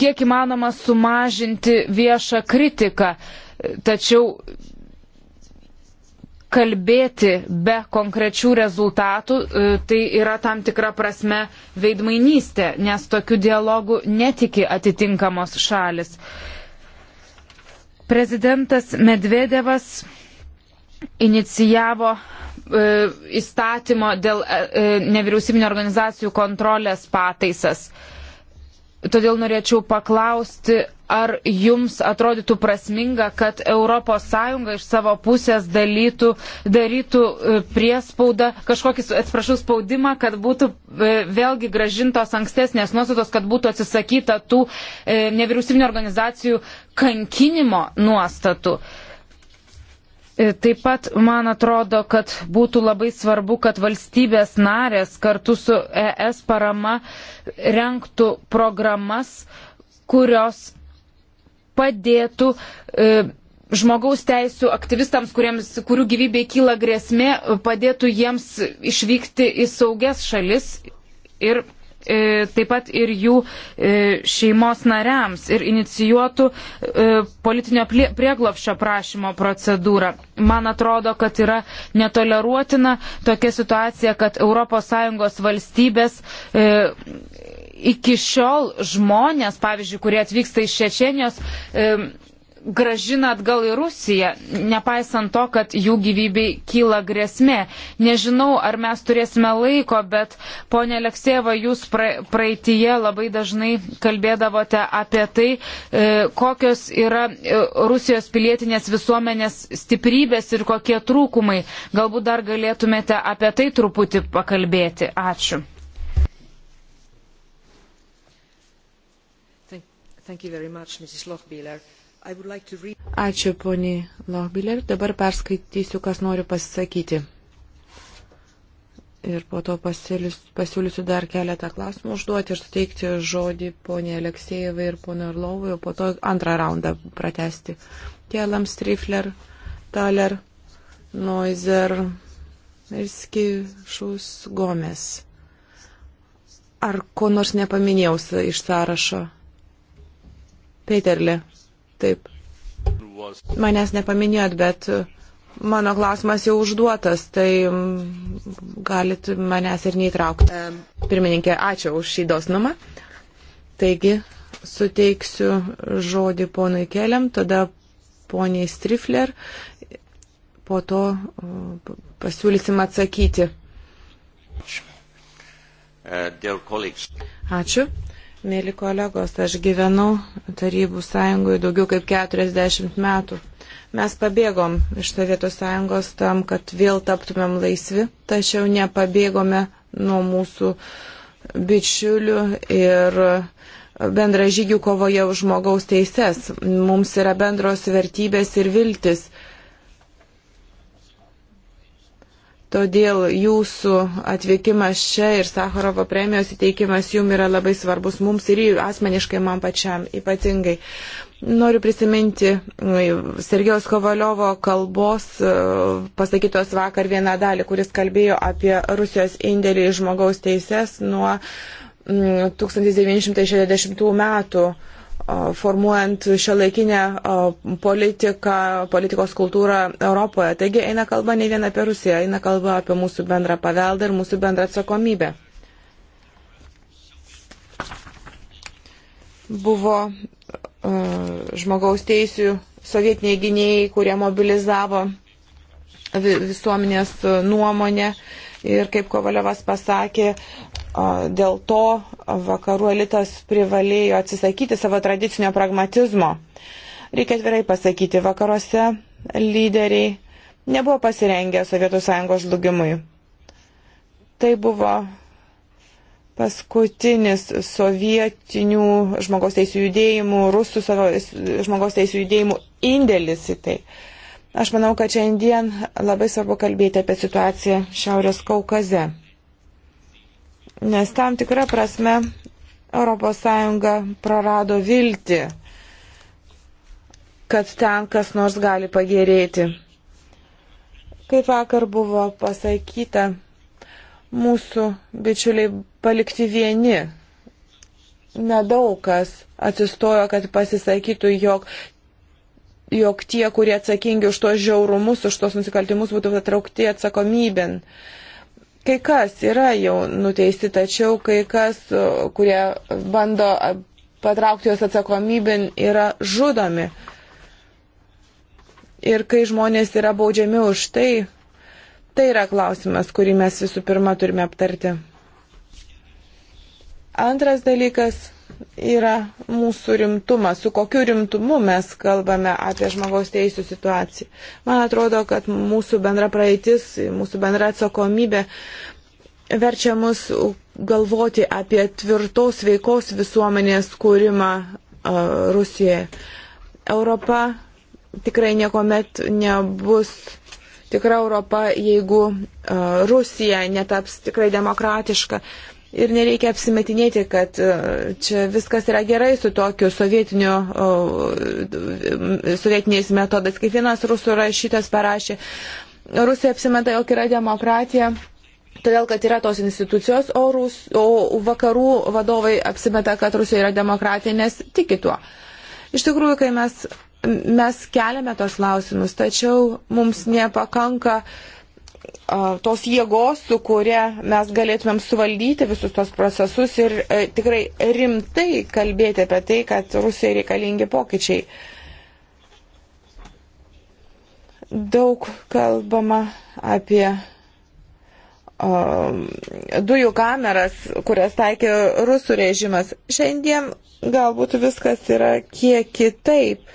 kiek įmanoma sumažinti viešą kritiką. Tačiau kalbėti be konkrečių rezultatų, e, tai yra tam tikra prasme veidmainystė, nes tokiu dialogu netiki atitinkamos šalis. Prezidentas Medvedevas inicijavo e, įstatymo dėl e, nevyriausybinio organizacijų kontrolės pataisas. Todėl norėčiau paklausti, ar jums atrodytų prasminga, kad ES iš savo pusės dalytų, darytų e, priespaudą, kažkokį, atsiprašau, spaudimą, kad būtų e, vėlgi gražintos ankstesnės nuostatos, kad būtų atsisakyta tų e, nevyriausybinio organizacijų kankinimo nuostatų. E, E, taip pat man atrodo, kad būtų labai svarbu, kad valstybės narės kartu su ES parama renktų programas, kurios padėtų e, žmogaus teisų aktyvistams, kuriems, kurių gyvybė kyla grėsmė, padėtų jiems išvykti į saugias šalis ir E, taip pat ir jų e, šeimos nariams ir inicijuotų e, politinio prieglopščio prašymo procedūrą. Man atrodo, kad yra netoleruotina tokia situacija, kad ES valstybės iki šiol žmonės, pavyzdžiui, kurie atvyksta iš Čečienijos, gražina atgal į Rusiją, nepaisant to, kad jų gyvybei kyla grėsmė. Nežinau, ar mes turėsime laiko, bet ponė Alekseva, jūs praeitie labai dažnai kalbėdavote apie tai, e, kokios yra e, Rusijos pilietinės visuomenės stiprybės ir kokie trūkumai. Galbūt dar galėtumėte apie tai truputį pakalbėti. Ačiū. Thank you very much, Mrs. Lochbieler. Ačiū poniai Lohbiller. Dabar perskaitysiu, kas noriu pasisakyti. Ir po to pasiūlysiu dar keletą klausimų užduoti ir suteikti žodį poniai Aleksejevai ir poniai Orlovui, o po to antrą raundą pratesti. Tėlam Strifler, Taler, Noizer ir Skišus Gomes. Ar ko nors nepaminėjau iš sąrašo? Peterle. Taip. Manęs nepaminėjot, bet mano klausimas jau užduotas, tai mm, galit manęs ir neįtraukti. Pirmininkė, ačiū už šį dosnumą. Taigi, suteiksiu žodį ponui Keliam, tada poniai Strifler, po to mm, pasiūlysim atsakyti. Ačiū. Uh, Mėly kolegos, aš gyvenau Tarybų sąjungoje daugiau kaip 40 metų. Mes pabėgom iš Sovietų sąjungos tam, kad vėl taptumėm laisvi, tačiau nepabėgome nuo mūsų bičiulių ir bendražygių kovoje už žmogaus teises. Mums yra bendros vertybės ir viltis. Todėl jūsų atvykimas čia ir Sakarovo premijos įteikimas jum yra labai svarbus mums ir asmeniškai man pačiam ypatingai. Noriu prisiminti Sergejos Kovaliovo kalbos e, pasakytos vakar vieną dalį, kuris kalbėjo apie Rusijos indėlį į žmogaus teises nuo 1960 metų formuojant šiolaikinę politiką, politikos kultūrą Europoje. Taigi eina kalba ne vien apie Rusiją, eina kalba apie mūsų bendrą paveldą ir mūsų bendrą atsakomybę. Buvo uh, žmogaus teisų sovietiniai gynėjai, kurie mobilizavo visuomenės nuomonę. Ir kaip Kovaliovas pasakė, Dėl to vakarų elitas privalėjo atsisakyti savo tradicinio pragmatizmo. Reikia atvirai pasakyti, vakaruose lyderiai nebuvo pasirengę Sovietų sąjungos žlugimui. Tai buvo paskutinis sovietinių žmogaus teisų judėjimų, rusų žmogaus teisų judėjimų indėlis į tai. Aš manau, kad šiandien labai svarbu kalbėti apie situaciją Šiaurės Kaukaze nes tam tikrą prasme ES prarado viltį, kad ten kas nors gali pagerėti. Kaip vakar buvo pasakyta, mūsų bičiuliai palikti vieni. Nedaug kas atsistojo, kad pasisakytų, jog, jog tie, kurie atsakingi už tos žiaurumus, už tos nusikaltimus, būtų patraukti atsakomybėn. Uh, Kai kas yra jau nuteisti, tačiau kai kas, kurie bando patraukti juos atsakomybin, yra žudomi. Ir kai žmonės yra baudžiami už tai, tai yra klausimas, kurį mes visų pirma turime aptarti. Antras dalykas yra mūsų rimtumas, su kokiu rimtumu mes kalbame apie žmogaus teisų situaciją. Man atrodo, kad mūsų bendra praeitis, mūsų bendra atsakomybė verčia mus galvoti apie tvirtos veikos visuomenės kūrimą uh, Rusijoje. Europa tikrai niekuomet nebus tikra Europa, jeigu uh, Rusija netaps tikrai demokratiška. Uh, Ir nereikia apsimetinėti, kad e, čia viskas yra gerai su tokiu e, sovietiniais metodais. Kaip vienas rusų rašytas parašė, Rusija apsimeta, jog yra demokratija. Todėl, kad yra tos institucijos, o, Rus, o vakarų vadovai apsimeta, kad Rusija yra demokratija, nes tiki tuo. Iš tikrųjų, kai mes, mes keliame tos klausimus, tačiau mums nepakanka uh, tos jėgos, su kuria mes galėtumėm suvaldyti visus tos procesus ir e, tikrai rimtai kalbėti apie tai, kad Rusijai reikalingi pokyčiai. Daug kalbama apie dujų kameras, kurias taikė rusų režimas. Šiandien galbūt viskas yra kiek kitaip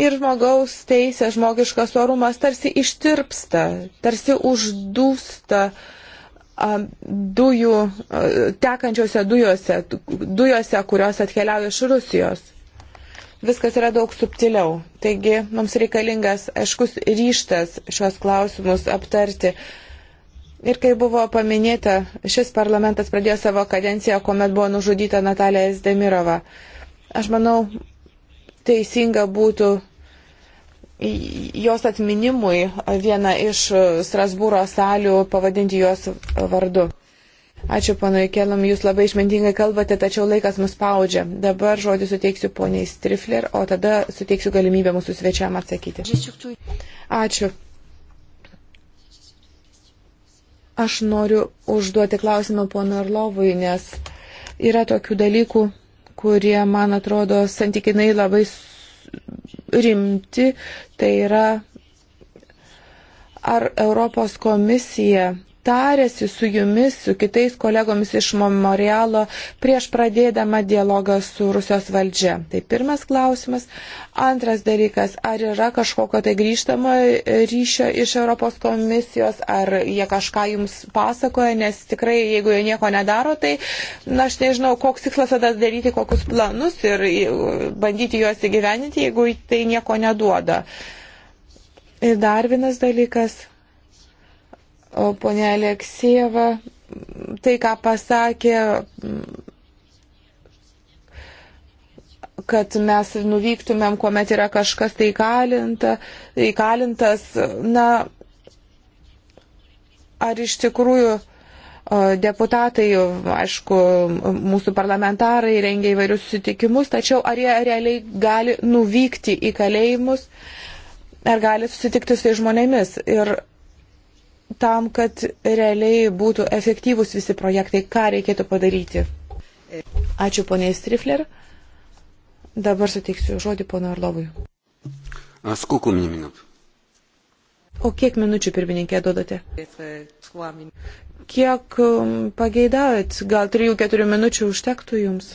ir žmogaus teisė, žmogiškas orumas tarsi ištirpsta, tarsi uždūsta dujų, tekančiose dujose, dujose, kurios atkeliauja iš Rusijos. Viskas yra daug subtiliau. Taigi mums reikalingas aiškus ryštas šios klausimus aptarti. Ir kai buvo paminėta, šis parlamentas pradėjo savo kadenciją, kuomet buvo nužudyta Natalija Zdemirova. Aš manau, teisinga būtų jos atminimui vieną iš Strasbūro salių pavadinti jos vardu. Ačiū, panai Kelam, jūs labai išmintingai kalbate, tačiau laikas mus spaudžia. Dabar žodį suteiksiu poniai Strifler, o tada suteiksiu galimybę mūsų svečiam atsakyti. Ačiū. Aš noriu užduoti klausimą pono Arlovui, nes yra tokių dalykų, kurie, man atrodo, santykinai labai rimti, tai yra ar Europos komisija tarėsi su jumis, su kitais kolegomis iš memorialo prieš pradėdama dialogą su Rusijos valdžia? Tai pirmas klausimas. Antras dalykas, ar yra kažkokio tai grįžtamo ryšio iš Europos komisijos, ar jie kažką jums pasakoja, nes tikrai, jeigu jie nieko nedaro, tai na, aš nežinau, koks tikslas tada daryti kokius planus ir bandyti juos įgyveninti, jeigu tai nieko neduoda. Ir dar vienas dalykas ponė Aleksijeva, tai, ką pasakė, kad mes nuvyktumėm, kuomet yra kažkas tai įkalinta, įkalintas, na, ar iš tikrųjų deputatai, aišku, mūsų parlamentarai rengia įvairius sutikimus, tačiau ar jie realiai gali nuvykti į kalėjimus, ar gali susitikti su žmonėmis. Ir tam, kad realiai būtų efektyvūs visi projektai, ką reikėtų padaryti. Ačiū poniai Strifler. Dabar suteiksiu žodį pono Arlovui. Skukų minut. O kiek minučių pirmininkė duodate? Kiek um, pageidaujat? Gal 3-4 minučių užtektų jums?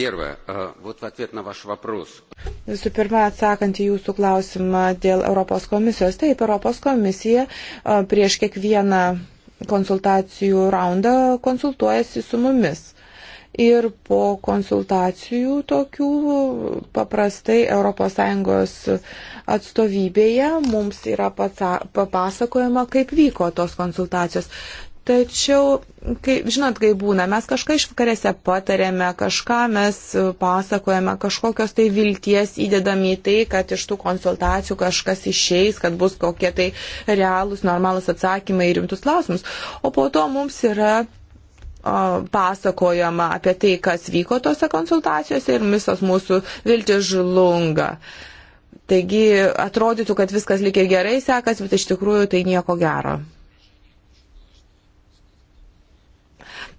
Первое. Э, вот в ответ на ваш вопрос. Visų pirma, atsakant į jūsų klausimą dėl Europos komisijos. Taip, Europos komisija e, prieš kiekvieną konsultacijų raundą konsultuojasi su mumis. Ir po konsultacijų tokių paprastai ES atstovybėje mums yra papasakojama, kaip vyko tos konsultacijos. Tačiau, kai, žinot, kai būna, mes kažką iš vakarėse patarėme, kažką mes e, pasakojame, kažkokios tai vilties įdedami į tai, kad iš tų konsultacijų kažkas išeis, kad bus kokie tai realūs, normalūs atsakymai į rimtus klausimus. O po to mums yra pasakojama apie tai, kas vyko tose konsultacijose ir visas mūsų viltis žlunga. Taigi atrodytų, kad viskas lyg ir gerai sekasi, bet iš tikrųjų tai nieko gero.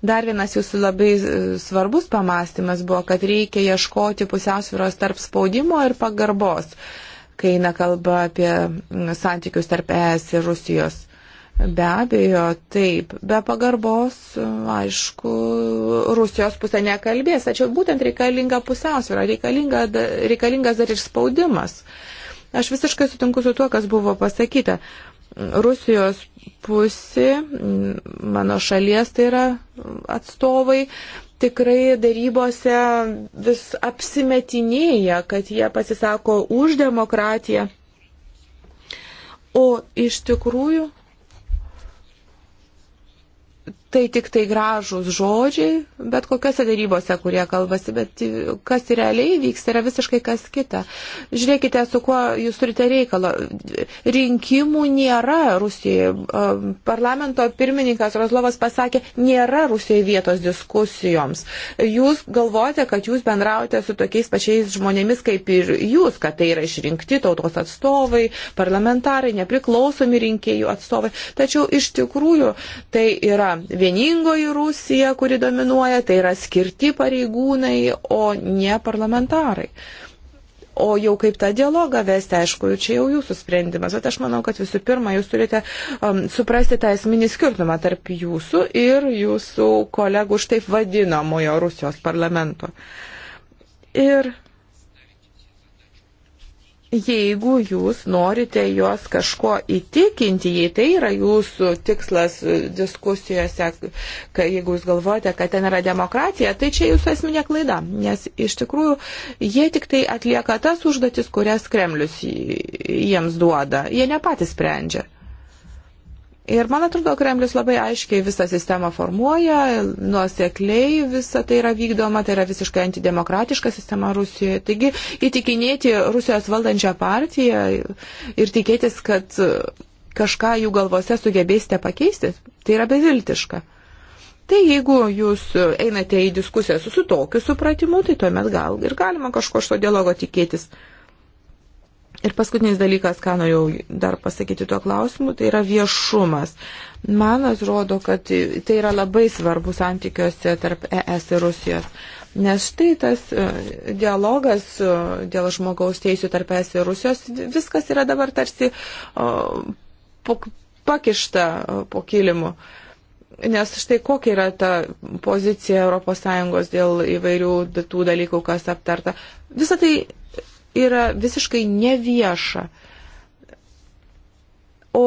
Dar vienas jūsų labai e, svarbus pamastymas buvo, kad reikia ieškoti pusiausvyros tarp spaudimo ir pagarbos, kai eina kalba apie santykius tarp ES ir Rusijos. Be abejo, taip. Be pagarbos, e, aišku, Rusijos pusė nekalbės, tačiau būtent reikalinga pusiausvėra, reikalinga, reikalingas dar ir spaudimas. Aš visiškai sutinku su tuo, kas buvo pasakyta. Uh, Rusijos pusė, mano šalies tai yra atstovai, tikrai darybose vis apsimetinėja, kad jie pasisako už demokratiją. O iš tikrųjų tai tik tai gražūs žodžiai, bet kokiuose darybose, kurie kalbasi, bet kas realiai vyksta, yra visiškai kas kita. Žiūrėkite, su kuo jūs turite reikalą. Rinkimų nėra Rusijoje. Parlamento pirmininkas Rozlovas pasakė, nėra Rusijoje vietos diskusijoms. Jūs galvojate, kad jūs bendraujate su tokiais pačiais žmonėmis kaip ir jūs, kad tai yra išrinkti tautos atstovai, parlamentarai, nepriklausomi rinkėjų atstovai. Tačiau iš tikrųjų tai yra vieningoji Rusija, kuri dominuoja, tai yra skirti pareigūnai, o ne parlamentarai. O jau kaip tą dialogą vesti, aišku, čia jau jūsų sprendimas. Bet aš manau, kad visų pirma, jūs turite um, suprasti tą esminį skirtumą tarp jūsų ir jūsų kolegų už taip vadinamojo Rusijos parlamento. Ir jeigu jūs norite juos kažko įtikinti, jei tai yra jūsų tikslas e, diskusijose, kai, jeigu jūs galvojate, kad ten yra demokratija, tai čia jūsų esminė klaida, nes iš tikrųjų jie tik tai atlieka tas užduotis, kurias Kremlius jiems duoda, jie ne patys sprendžia. Ir man atrodo, Kremlius labai aiškiai visą sistemą formuoja, nuosekliai visa tai yra vykdoma, tai yra visiškai antidemokratiška sistema Rusijoje. Taigi įtikinėti Rusijos valdančią partiją ir tikėtis, kad kažką jų galvose sugebėsite pakeisti, tai yra beviltiška. Tai jeigu jūs einate į diskusiją su, su tokiu supratimu, tai tuomet gal ir galima kažko šito dialogo tikėtis. Ir paskutinis dalykas, ką norėjau dar pasakyti tuo klausimu, tai yra viešumas. Man atrodo, kad tai yra labai svarbu santykiuose tarp ES ir Rusijos. Nes štai tas e, dialogas e, dėl žmogaus teisų tarp ES ir Rusijos, viskas yra dabar tarsi pakišta e, po kilimu. Nes štai kokia yra ta pozicija ES dėl įvairių tų dalykų, kas aptarta. Visą tai yra visiškai nevieša. O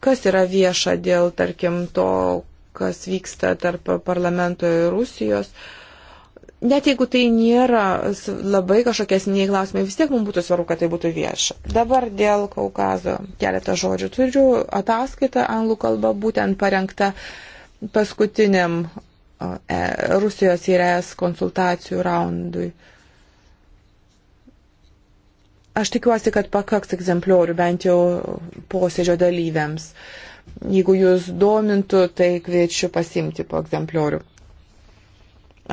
kas yra vieša dėl, tarkim, to, kas vyksta tarp parlamento ir Rusijos? Net jeigu tai nėra labai kažkokie esminiai klausimai, vis tiek mums būtų svarbu, kad tai būtų vieša. Dabar dėl Kaukazo keletą žodžių. Turiu ataskaitą anglų kalba būtent parengta paskutiniam e, Rusijos ir ES konsultacijų raundui. Uh, Aš tikiuosi, kad pakaks egzempliorių bent jau posėdžio dalyviams. Jeigu jūs domintų, tai kviečiu pasimti po egzempliorių.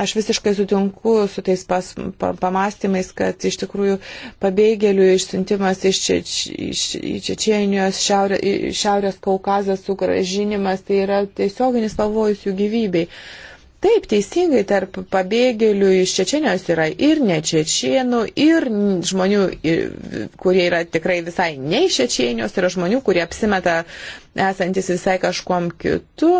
Aš visiškai sutinku su tais pas, pa, pamastymais, kad iš tikrųjų pabėgėlių išsiuntimas iš, Čeč, iš, iš Čečienijos, šiaurė, Šiaurės Kaukazas sugražinimas, tai yra tiesioginis pavojus jų gyvybei. Uh, Taip, teisingai, tarp pabėgėlių iš Čečenijos yra ir ne Čečienų, ir žmonių, kurie yra tikrai visai ne iš Čečenijos, yra žmonių, kurie apsimeta esantis visai kažkuom kitu.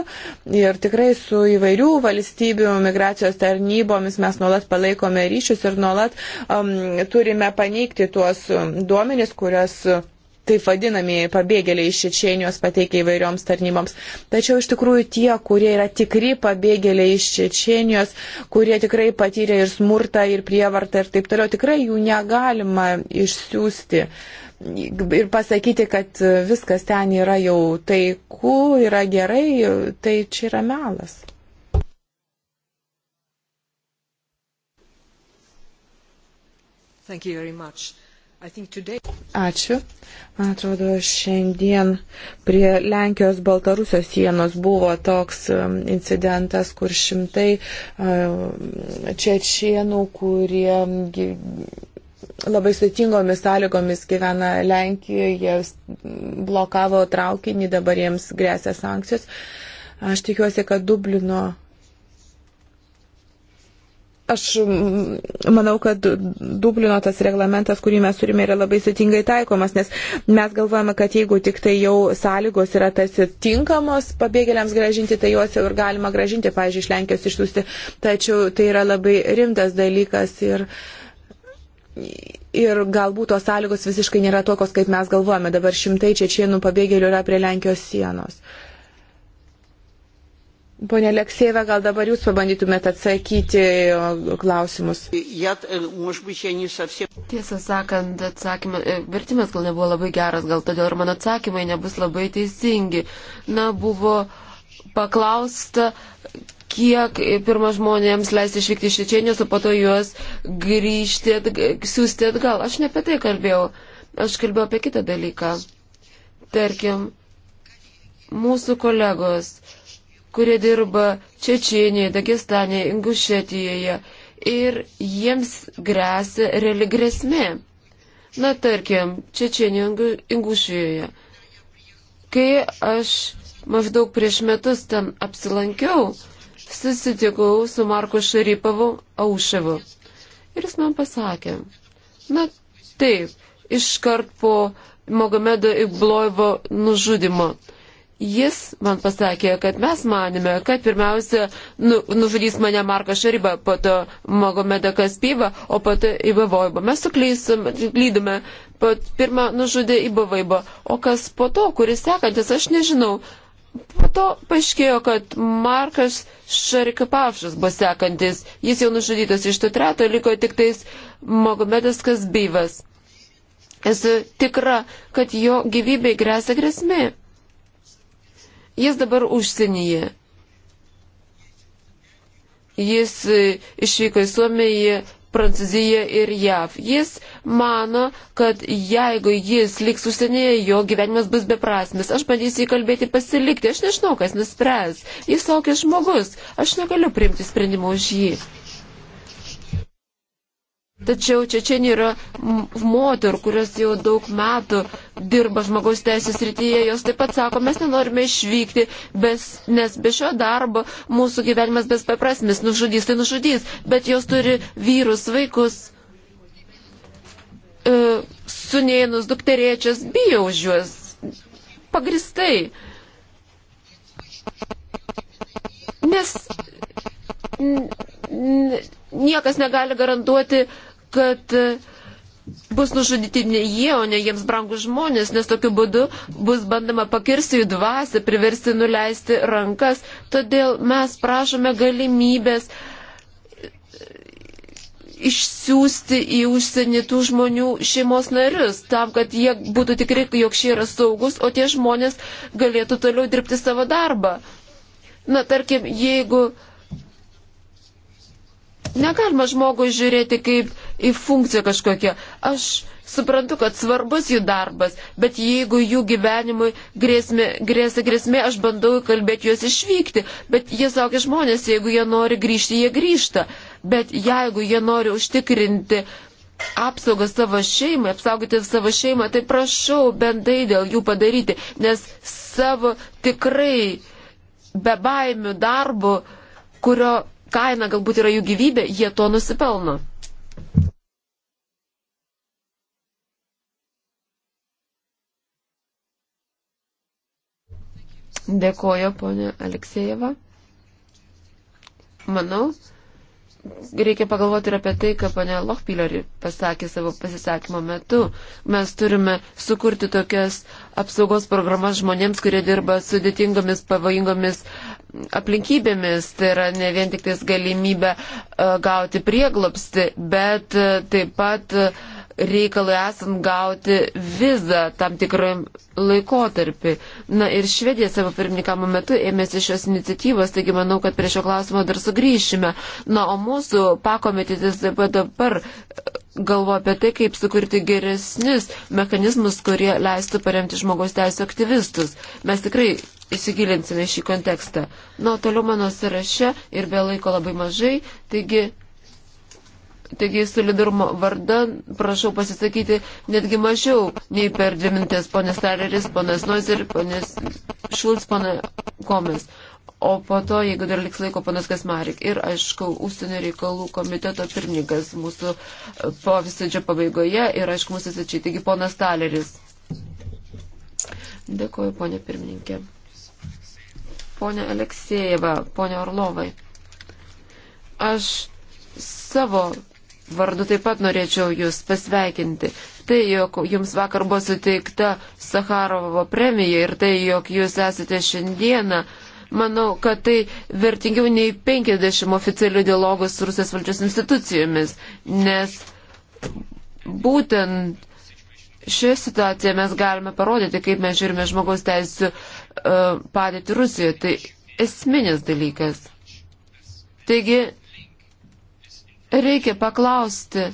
Ir tikrai su įvairių valstybių migracijos tarnybomis mes nuolat palaikome ryšius ir nuolat um, turime paneigti tuos duomenis, kurias. Uh, taip vadinamieji pabėgėliai iš Čečienijos pateikia įvairioms tarnyboms. Tačiau iš tikrųjų tie, kurie yra tikri pabėgėliai iš Čečienijos, kurie tikrai patyrė ir smurtą, ir prievartą, ir taip toliau, tikrai jų negalima išsiųsti. Ir pasakyti, kad viskas ten yra jau taiku, yra gerai, tai čia yra melas. Thank you very much. Ačiū. Man atrodo, šiandien prie Lenkijos-Baltarusijos sienos buvo toks um, incidentas, kur šimtai um, čečienų, kurie um, labai sudėtingomis sąlygomis gyvena Lenkijoje, blokavo traukinį, dabar jiems grėsia sankcijos. Aš tikiuosi, kad Dublino Aš manau, kad Dublino tas reglamentas, kurį mes turime, yra labai sėtingai taikomas, nes mes galvojame, kad jeigu tik tai jau sąlygos yra tarsi tinkamos pabėgėliams gražinti, tai juos jau ir galima gražinti, pavyzdžiui, iš Lenkijos išsiųsti. Tačiau tai yra labai rimtas dalykas ir, ir galbūt tos sąlygos visiškai nėra tokios, kaip mes galvojame. Dabar šimtai čečienų pabėgėlių yra prie Lenkijos sienos. Uh, Pone Aleksėve, gal dabar jūs pabandytumėte atsakyti klausimus. E, Tiesą sakant, atsakymą, e, vertimas gal nebuvo labai geras, gal todėl ir mano atsakymai nebus labai teisingi. Na, buvo paklausta, kiek pirmą žmonėms leisti išvykti iš Čečenijos, o po to juos grįžti, siūsti atgal. Aš ne apie tai kalbėjau, aš kalbėjau apie kitą dalyką. Tarkim, mūsų kolegos kurie dirba Čečienijoje, Dagestanėje, Ingušetijoje ir jiems grėsia reali grėsmė. Na, tarkim, Čečienijoje, Ingušijoje. Kai aš maždaug prieš metus ten apsilankiau, susitikau su Marku Šarypavu Auševu. Ir jis man pasakė, na taip, iškart po Mogamedo Ibloivo nužudimo. Jis man pasakė, kad mes manime, kad pirmiausia nu, nužudys mane Markas Šaryba, po to Magomeda Kaspyva, o po to Ibavoiba. Mes suklydome, pat pirmą nužudė Ibavoiba, o kas po to, kuris sekantis, aš nežinau. Po to paaiškėjo, kad Markas Šarikapavšas buvo sekantis, jis jau nužudytas iš to treto, liko tik tais Magomedas Kasbyvas. Esu tikra, kad jo gyvybei grėsia grėsmė. Jis dabar užsienyje. Jis e, išvyko į Suomiją, Prancūziją ir JAV. Jis mano, kad jeigu jis liks užsienyje, jo gyvenimas bus beprasmis. Aš bandysiu įkalbėti pasilikti. Aš nežinau, kas nuspręs. Jis laukia žmogus. Aš negaliu priimti sprendimą už jį. Tačiau Čečenija yra moterų, kurios jau daug metų dirba žmogaus teisės rytyje, jos taip pat sako, mes nenorime išvykti, bes, nes be šio darbo mūsų gyvenimas bespaprasmis, nužudys tai nužudys, bet jos turi vyrus, vaikus, e, sunėnus, dukteriečias, bijo už juos, pagristai. Nes niekas negali garantuoti uh, kad e, bus nužudyti ne jie, o ne jiems brangus žmonės, nes tokiu būdu bus bandama pakirsti jų dvasę, priversti nuleisti rankas. Todėl mes prašome galimybės išsiųsti į užsienį tų žmonių šeimos narius, tam, kad jie būtų tikri, jog šie yra saugus, o tie žmonės galėtų toliau dirbti savo darbą. Na, tarkim, jeigu uh, Negalima žmogui žiūrėti kaip į funkciją kažkokią. Aš suprantu, kad svarbus jų darbas, bet jeigu jų gyvenimui grėsmė, grėsia grėsmė, aš bandau kalbėti juos išvykti. Bet jie saugia žmonės, jeigu jie nori grįžti, jie grįžta. Bet jeigu jie nori užtikrinti apsaugą savo šeimą, apsaugoti savo šeimą, tai prašau bendai dėl jų padaryti, nes savo tikrai bebaimių darbų, kurio kaina galbūt yra jų gyvybė, jie to nusipelno. Dėkoju, ponė Aleksejeva. Manau, reikia pagalvoti ir apie tai, ką ponė Lochpilari pasakė savo pasisakymo metu. Mes turime sukurti tokias apsaugos programas žmonėms, kurie dirba sudėtingomis, pavojingomis uh, aplinkybėmis, tai yra ne vien tik tais galimybė e, gauti prieglopsti, bet e, taip pat e, reikalui esant gauti vizą tam tikrą laikotarpį. Na ir Švedija savo pirmininkamo metu ėmėsi šios iniciatyvos, taigi manau, kad prie šio klausimo dar sugrįšime. Na, o mūsų pakomitetis taip pat dabar galvo apie tai, kaip sukurti geresnius mechanizmus, kurie leistų paremti žmogaus teisų aktyvistus. Mes tikrai įsigilinsime šį kontekstą. Na, toliau mano sąraše ir be laiko labai mažai, taigi Taigi solidarumo vardan prašau pasisakyti netgi mažiau nei per dvi minutės, ponės Tareris, ponės Noizer, ponės Šulc, ponė Komis o po to, jeigu dar liks laiko, panas Kasmarik ir, aišku, užsienio reikalų komiteto pirmininkas mūsų e, posėdžio pabaigoje ir, aišku, mūsų svečiai, taigi ponas Taleris. Dėkuoju, ponė pirmininkė. Pone Aleksejeva, ponė Orlovai, aš savo vardu taip pat norėčiau Jūs pasveikinti. Tai, jog Jums vakar buvo suteikta Sakarovo premija ir tai, jog Jūs esate šiandieną uh, Manau, kad tai vertingiau nei 50 oficialių dialogų su Rusijos valdžios institucijomis, nes būtent šioje situacijoje mes galime parodyti, kaip mes žiūrime žmogaus teisų uh, e, padėti Rusijoje. Tai esminis dalykas. Taigi, reikia paklausti,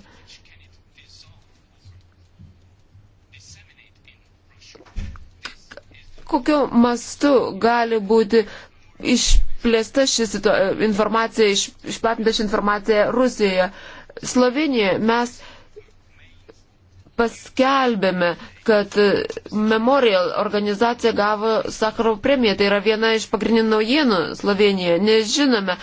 kokiu mastu gali būti išplėsta ši informacija, iš, išplatinta ši informacija Rusijoje. Slovenijoje mes paskelbėme, kad Memorial organizacija gavo Sakarov premiją. Tai yra viena iš pagrindinių naujienų Slovenijoje. Nežinome,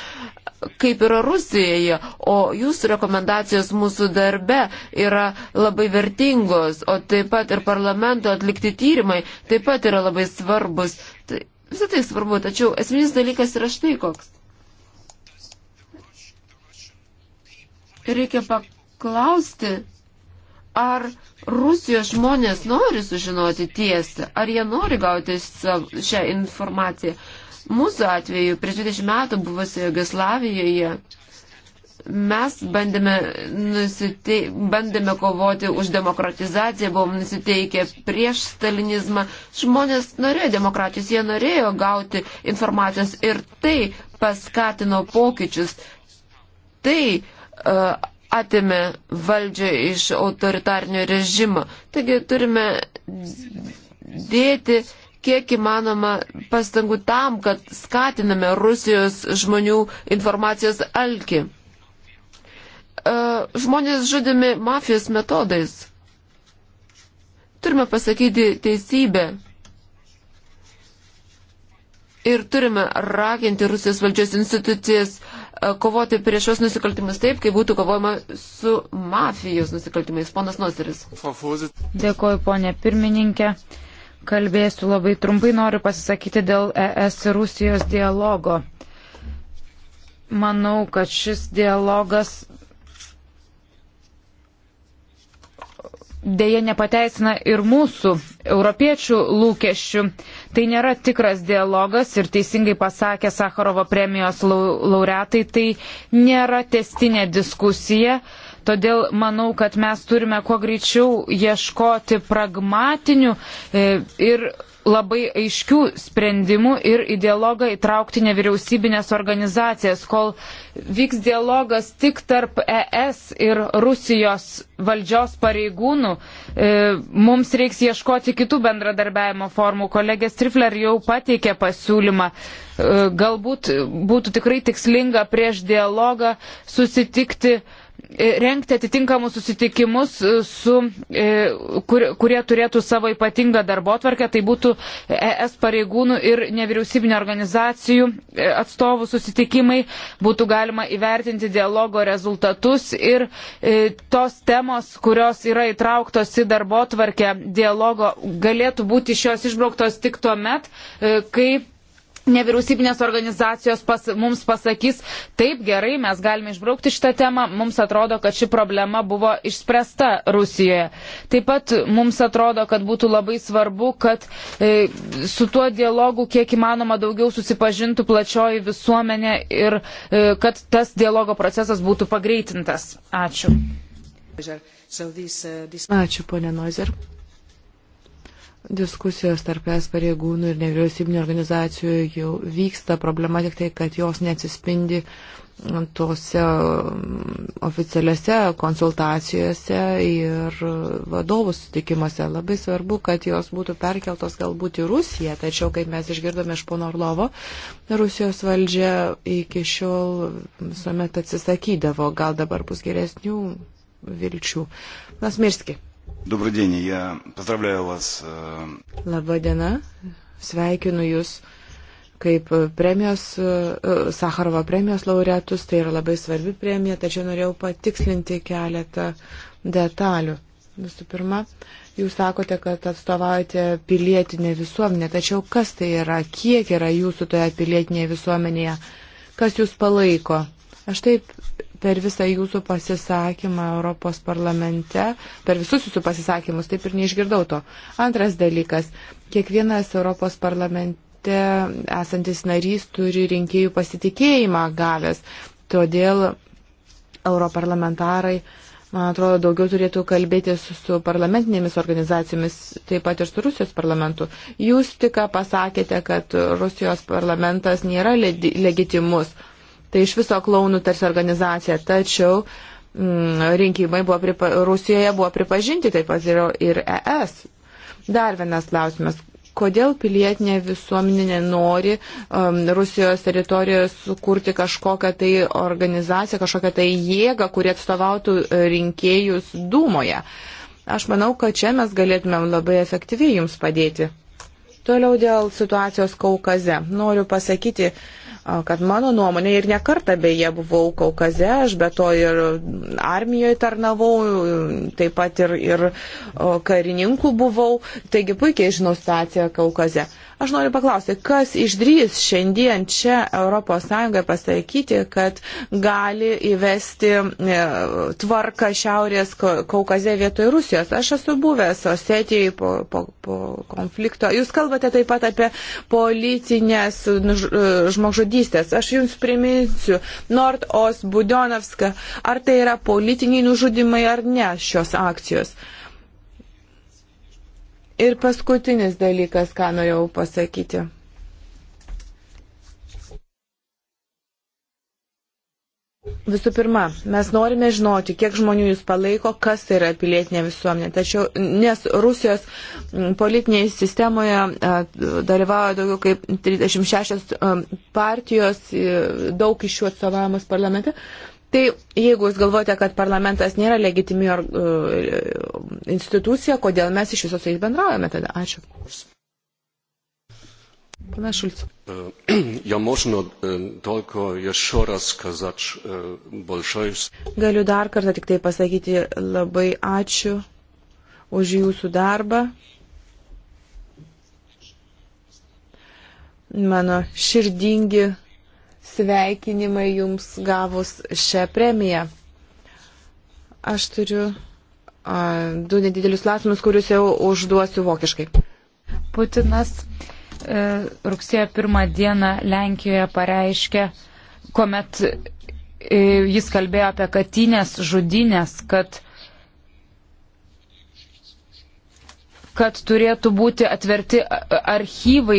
kaip yra Rusijoje, o jūsų rekomendacijos mūsų darbe yra labai vertingos, o taip pat ir parlamento atlikti tyrimai taip pat yra labai svarbus. Tai Visą tai svarbu, tačiau esminis dalykas yra štai koks. Reikia paklausti, ar Rusijos žmonės nori sužinoti tiesą, ar jie nori gauti šią informaciją. Mūsų atveju prieš 20 metų buvusi Jugoslavijoje Mes bandėme, nusitei, bandėme kovoti už demokratizaciją, buvom nusiteikę prieš stalinizmą. Žmonės norėjo demokratijos, jie norėjo gauti informacijos ir tai paskatino pokyčius. Tai uh, atėmė valdžią iš autoritarnio režimo. Taigi turime dėti kiek įmanoma pastangų tam, kad skatiname Rusijos žmonių informacijos alkį. E, žmonės žudimi mafijos metodais. Turime pasakyti teisybę. Ir turime raginti Rusijos valdžios institucijas e, kovoti prieš šios nusikaltimus taip, kaip būtų kovojama su mafijos nusikaltimais. Ponas Noseris. Dėkuoju, ponė pirmininkė. Kalbėsiu labai trumpai, noriu pasisakyti dėl ES ir Rusijos dialogo. Manau, kad šis dialogas dėje nepateisina ir mūsų europiečių lūkesčių. Tai nėra tikras dialogas ir teisingai pasakė Sakarovo premijos laureatai, tai nėra testinė diskusija. Todėl manau, kad mes turime kuo greičiau ieškoti pragmatinių e, ir labai aiškių sprendimų ir į dialogą įtraukti nevyriausybinės organizacijas, kol vyks dialogas tik tarp ES ir Rusijos valdžios pareigūnų, e, mums reiks ieškoti kitų bendradarbiavimo formų. Kolegė Strifler jau pateikė pasiūlymą. E, galbūt būtų tikrai tikslinga prieš dialogą susitikti E, renkti atitinkamus susitikimus, e, su, e, kur, kurie turėtų savo ypatingą darbo tvarkę, tai būtų ES pareigūnų ir nevyriausybinio organizacijų atstovų susitikimai, būtų galima įvertinti dialogo rezultatus ir tos temos, kurios yra įtrauktos į darbo tvarkę dialogo, galėtų būti šios išbrauktos tik tuo met, kai Nevyriausybinės organizacijos pas, mums pasakys, taip gerai, mes galime išbraukti šitą temą, mums atrodo, kad ši problema buvo išspręsta Rusijoje. Taip pat mums atrodo, kad būtų labai svarbu, kad e, su tuo dialogu kiek įmanoma daugiau susipažintų plačioji visuomenė ir e, kad tas dialogo procesas būtų pagreitintas. Ačiū. Ačiū, ponė Noizer. Diskusijos tarp es pareigūnų ir nevyriausybinio organizacijų jau vyksta. Problema tik tai, kad jos neatsispindi tose mm, oficialiuose konsultacijose ir vadovų sutikimuose. Labai svarbu, kad jos būtų perkeltos galbūt į Rusiją, tačiau, kaip mes išgirdome iš pono Orlovo, Rusijos valdžia iki šiol visuomet atsisakydavo, gal dabar bus geresnių vilčių. Nasmirski. Добрый день, я поздравляю вас. Labą э, dieną, sveikinu Jūs kaip premijos, Sakarovo premijos laureatus, tai yra labai svarbi premija, tačiau norėjau patikslinti keletą detalių. Visų pirma, jūs sakote, kad atstovaujate pilietinę visuomenę, tačiau kas tai yra, kiek yra jūsų toje pilietinėje visuomenėje, kas jūs palaiko? Aš taip per visą jūsų pasisakymą Europos parlamente, per visus jūsų pasisakymus, taip ir neišgirdau to. Antras dalykas, kiekvienas Europos parlamente esantis narys turi rinkėjų pasitikėjimą gavęs, todėl europarlamentarai man atrodo, daugiau turėtų kalbėti su, su parlamentinėmis organizacijomis, taip pat ir su Rusijos parlamentu. Jūs tik pasakėte, kad Rusijos parlamentas nėra legitimus. Tai iš viso klaunų tarsi organizacija. Tačiau mm, rinkimai buvo pripa, Rusijoje buvo pripažinti taip pat ir, ir ES. Dar vienas klausimas. Kodėl pilietinė visuomenė nenori um, Rusijos teritorijoje sukurti kažkokią tai organizaciją, kažkokią tai jėgą, kuri atstovautų rinkėjus Dūmoje? Aš manau, kad čia mes galėtumėm labai efektyviai jums padėti. Toliau dėl situacijos Kaukaze. Noriu pasakyti, uh, kad mano nuomonė ir nekarta beje buvau Kaukaze, aš be to ir armijoje tarnavau, taip pat ir, ir karininkų buvau, taigi puikiai žinau situaciją Kaukaze. Aš noriu paklausti, kas išdrys šiandien čia ES pasakyti, kad gali įvesti e, tvarką Šiaurės Kaukaze vietoj Rusijos? Aš esu buvęs Osetijai po, po, po konflikto. Jūs kalbate taip pat apie politinės nu, e, žmogžudybės žmogžudystės. Aš jums priminsiu, Nord Os, Budionovska, ar tai yra politiniai nužudimai ar ne šios akcijos. Ir paskutinis dalykas, ką norėjau pasakyti. Visų pirma, mes norime žinoti, kiek žmonių jūs palaiko, kas tai yra pilietinė visuomenė. Tačiau, nes Rusijos politinėje sistemoje dalyvauja daugiau kaip 36 partijos, daug iš jų atstovavimas parlamente. Tai jeigu jūs galvojate, kad parlamentas nėra legitimi e, institucija, kodėl mes iš viso su jais bendraujame tada? Ačiū. Pana Šulco. E, [clears throat] ja možno e, tolko još šoras kazač e, bolšajus. Galiu dar kartą tik tai pasakyti labai ačiū už jūsų darbą. Mano širdingi sveikinimai jums gavus šią premiją. Aš turiu a, du nedidelius klausimus, kuriuos jau užduosiu vokiškai. Putinas E, rugsėjo pirmą dieną Lenkijoje pareiškė, kuomet e, jis kalbėjo apie katinės žudinės, kad, kad turėtų būti atverti archyvai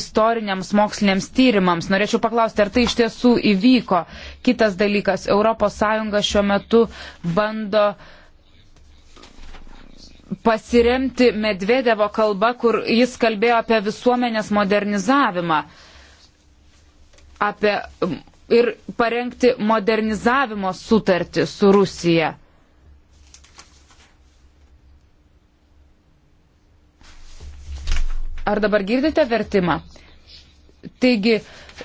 istoriniams moksliniams tyrimams. Norėčiau paklausti, ar tai iš tiesų įvyko. Kitas dalykas, ES šiuo metu bando uh, pasiremti Medvedevo kalba, kur jis kalbėjo apie visuomenės modernizavimą apie, ir parengti modernizavimo sutartį su Rusija. Ar dabar girdite vertimą? Taigi,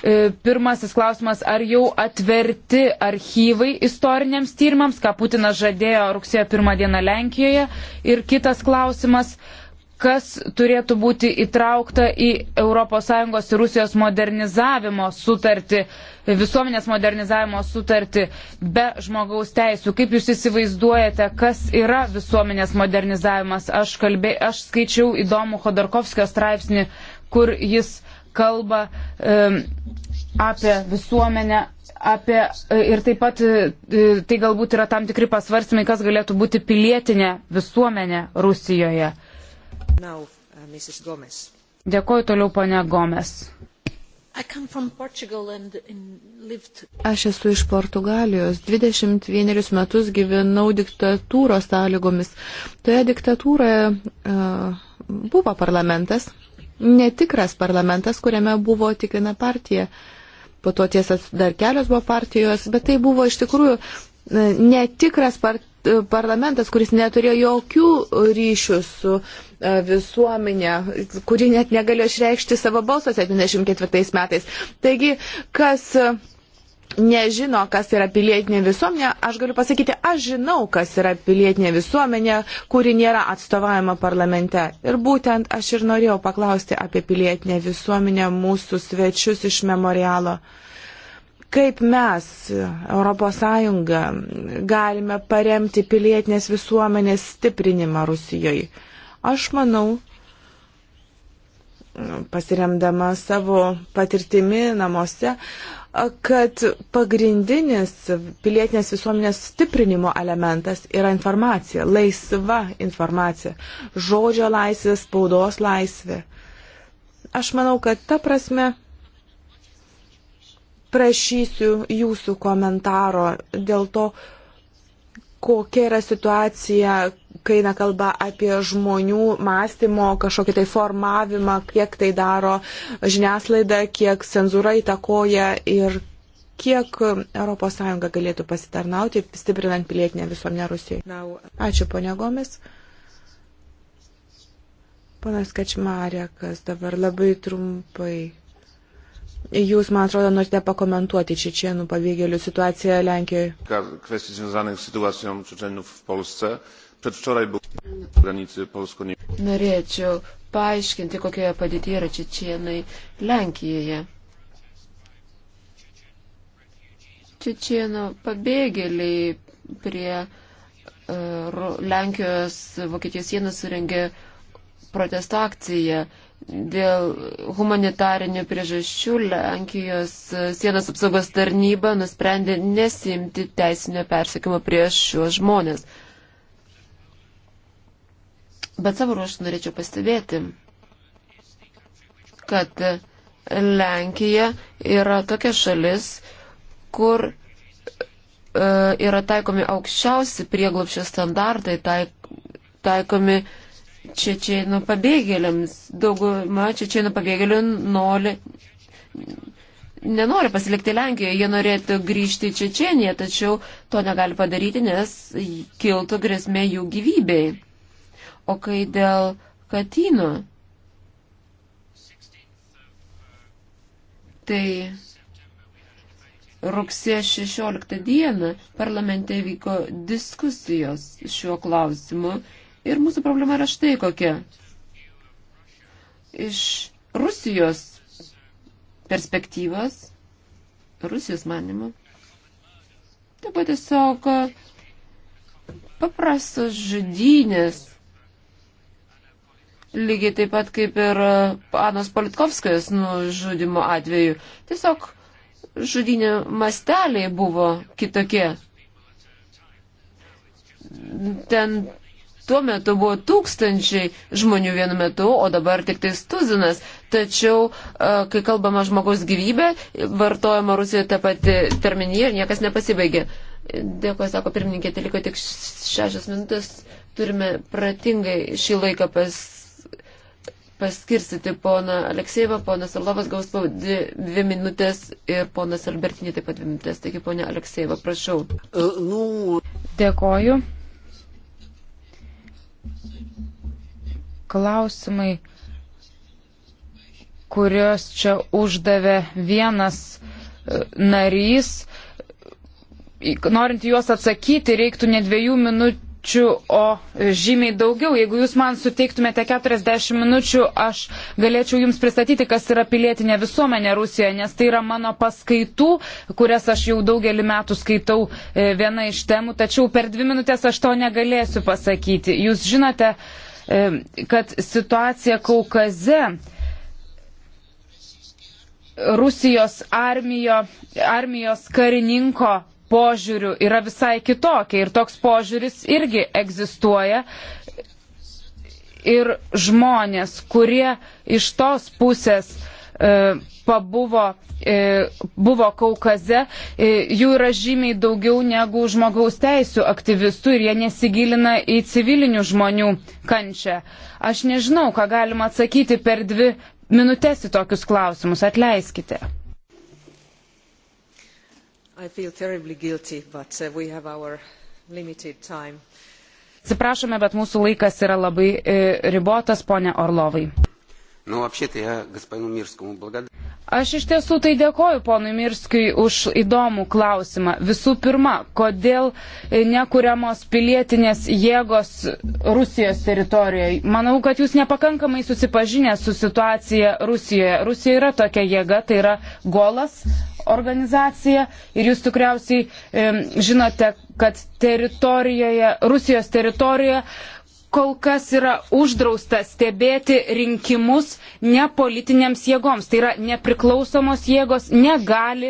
E, pirmasis klausimas, ar jau atverti archyvai istoriniams tyrimams, ką Putinas žadėjo rugsėjo pirmą dieną Lenkijoje. Ir kitas klausimas, kas turėtų būti įtraukta į ES ir Rusijos modernizavimo sutartį, visuomenės modernizavimo sutartį be žmogaus teisų. Kaip Jūs įsivaizduojate, kas yra visuomenės modernizavimas? Aš, kalbė, aš skaičiau įdomų Khodorkovskio straipsnį, kur jis uh, kalba apie visuomenę, apie e, ir taip pat e, e, tai galbūt yra tam tikri pasvarstymai, kas galėtų būti pilietinė visuomenė Rusijoje. Now, uh, Dėkoju toliau, ponia Gomes. Aš esu iš Portugalijos. 21 metus gyvenau diktatūros sąlygomis. Toje diktatūroje uh, buvo parlamentas, netikras parlamentas, kuriame buvo tik viena partija. Po to tiesas dar kelios buvo partijos, bet tai buvo iš tikrųjų e, netikras par parlamentas, kuris neturėjo jokių ryšių su e, visuomenė, kuri net negalėjo išreikšti savo balsą 74 metais. Taigi, kas nežino, kas yra pilietinė visuomenė, aš galiu pasakyti, aš žinau, kas yra pilietinė visuomenė, kuri nėra atstovavima parlamente. Ir būtent aš ir norėjau paklausti apie pilietinę visuomenę mūsų svečius iš memorialo. Kaip mes, ES, galime paremti pilietinės visuomenės stiprinimą Rusijoje? Aš manau, pasiremdama savo patirtimi namuose, kad pagrindinis pilietinės visuomenės stiprinimo elementas yra informacija, laisva informacija, žodžio laisvė, spaudos laisvė. Aš manau, kad ta prasme prašysiu jūsų komentaro dėl to, kokia yra situacija, kai eina kalba apie žmonių mąstymo kažkokį tai formavimą, kiek tai daro žiniaslaida, kiek cenzūra įtakoja ir kiek ES galėtų pasitarnauti, stiprinant pilietinę visuomenę Rusijoje. Ačiū, ponia Gomis. Ponas Kačmarėkas, dabar labai trumpai. Jūs, man atrodo, norite pakomentuoti čečienų pabėgėlių situaciją Lenkijoje. Przedwczoraj był granicy Polsko-Niemcy. Norėčiau paaiškinti, kokioje padėtyje yra čečienai Lenkijoje. Čečienų pabėgėliai prie uh, Lenkijos Vokietijos sienos surengė protesto akciją. Dėl humanitarinių priežasčių Lenkijos sienos apsaugos tarnyba nusprendė nesimti teisinio persekimo prieš šiuos žmonės. Bet savo ruoštų norėčiau pastebėti, kad Lenkija yra tokia šalis, kur e, yra taikomi aukščiausi prieglopščio standartai, taik, taikomi čečienų pabėgėliams. Dauguma čečienų pabėgėlių nori, nenori pasilikti Lenkijoje, jie norėtų grįžti į Čečieniją, tačiau to negali padaryti, nes kiltų grėsmė jų gyvybei. O kai dėl katynų, tai rugsėjo 16 dieną parlamente vyko diskusijos šiuo klausimu ir mūsų problema yra štai kokia. Iš Rusijos perspektyvos, Rusijos manimo, tai buvo tiesiog paprastos žudynės lygiai taip pat kaip ir e, Anos Politkovskijos nužudimo atveju. Tiesiog žudinių masteliai buvo kitokie. Ten tuo metu buvo tūkstančiai žmonių vienu metu, o dabar tik tai tuzinas. Tačiau, e, kai kalbama žmogaus gyvybė, vartojama Rusijoje ta pati terminija ir niekas nepasibaigė. Dėkuoju, sako pirmininkė, tai liko tik šešias minutės. Turime pratingai šį laiką pas paskirstyti poną Aleksejevą, ponas Arlovas gaus po dvi, dvi minutės ir ponas Albertinė taip pat dvi minutės. Taigi, ponė Aleksejeva, prašau. Dėkoju. Klausimai, kuriuos čia uždavė vienas e, narys, norint juos atsakyti, reiktų ne dviejų minučių minučių, o žymiai daugiau. Jeigu jūs man suteiktumėte 40 minučių, aš galėčiau jums pristatyti, kas yra pilietinė visuomenė Rusijoje, nes tai yra mano paskaitų, kurias aš jau daugelį metų skaitau e, viena iš temų, tačiau per dvi minutės aš to negalėsiu pasakyti. Jūs žinote, e, kad situacija Kaukaze Rusijos armijo, armijos karininko požiūrių yra visai kitokia ir toks požiūris irgi egzistuoja. Ir žmonės, kurie iš tos pusės e, pabuvo, e, buvo Kaukaze, e, jų yra žymiai daugiau negu žmogaus teisų aktyvistų ir jie nesigilina į civilinių žmonių kančią. Aš nežinau, ką galima atsakyti per dvi minutės į tokius klausimus. Atleiskite. I feel terribly guilty, but uh, we have our limited time. Atsiprašome, bet mūsų laikas yra labai e, ribotas, ponia Orlovai. Nu, apšėtai, gaspainu Mirskamu, blagadai. Aš iš tiesų tai dėkoju ponui Mirskui už įdomų klausimą. Visų pirma, kodėl e, nekuriamos pilietinės jėgos Rusijos teritorijoje? Manau, kad jūs nepakankamai susipažinę su situacija Rusijoje. Rusija yra tokia jėga, tai yra Golas organizacija ir jūs tikriausiai e, žinote, kad teritorijoje, Rusijos teritorijoje kol kas yra uždrausta stebėti rinkimus ne politinėms jėgoms. Tai yra nepriklausomos jėgos negali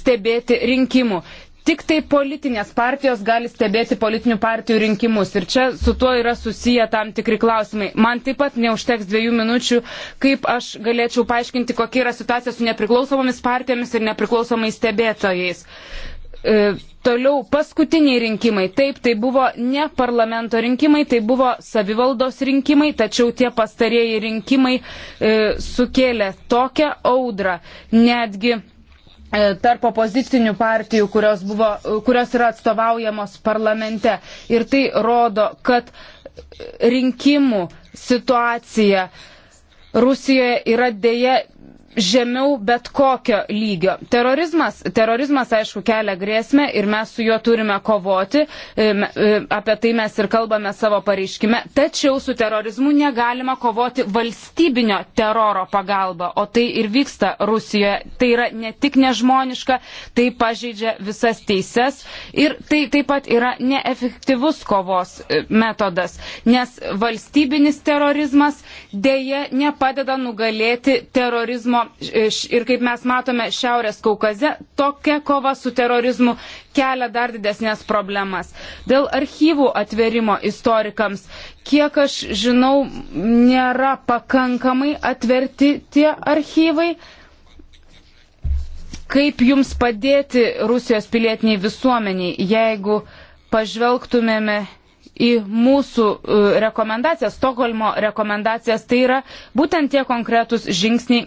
stebėti rinkimų. Tik tai politinės partijos gali stebėti politinių partijų rinkimus. Ir čia su tuo yra susiję tam tikri klausimai. Man taip pat neužteks dviejų minučių, kaip aš galėčiau paaiškinti, kokia yra situacija su nepriklausomomis partijomis ir nepriklausomais stebėtojais. Uh, E, toliau paskutiniai rinkimai. Taip, tai buvo ne parlamento rinkimai, tai buvo savivaldos rinkimai, tačiau tie pastarieji rinkimai e, sukėlė tokią audrą. Netgi e, tarp opozicinių partijų, kurios, buvo, e, kurios yra atstovaujamos parlamente. Ir tai rodo, kad rinkimų situacija Rusijoje yra dėja žemiau bet kokio lygio. Terorizmas, terorizmas aišku, kelia grėsmę ir mes su juo turime kovoti, e, e, apie tai mes ir kalbame savo pareiškime, tačiau su terorizmu negalima kovoti valstybinio teroro pagalba, o tai ir vyksta Rusijoje. Tai yra ne tik nežmoniška, tai pažeidžia visas teises ir tai taip pat yra neefektyvus kovos e, metodas, nes valstybinis terorizmas dėje nepadeda nugalėti terorizmo terorizmo ir kaip mes matome Šiaurės Kaukaze, tokia kova su terorizmu kelia dar didesnės problemas. Dėl archyvų atverimo istorikams, kiek aš žinau, nėra pakankamai atverti tie archyvai. Kaip jums padėti Rusijos pilietiniai visuomeniai, jeigu pažvelgtumėme į mūsų e, rekomendacijas, Stokholmo rekomendacijas, tai yra būtent tie konkretūs žingsniai,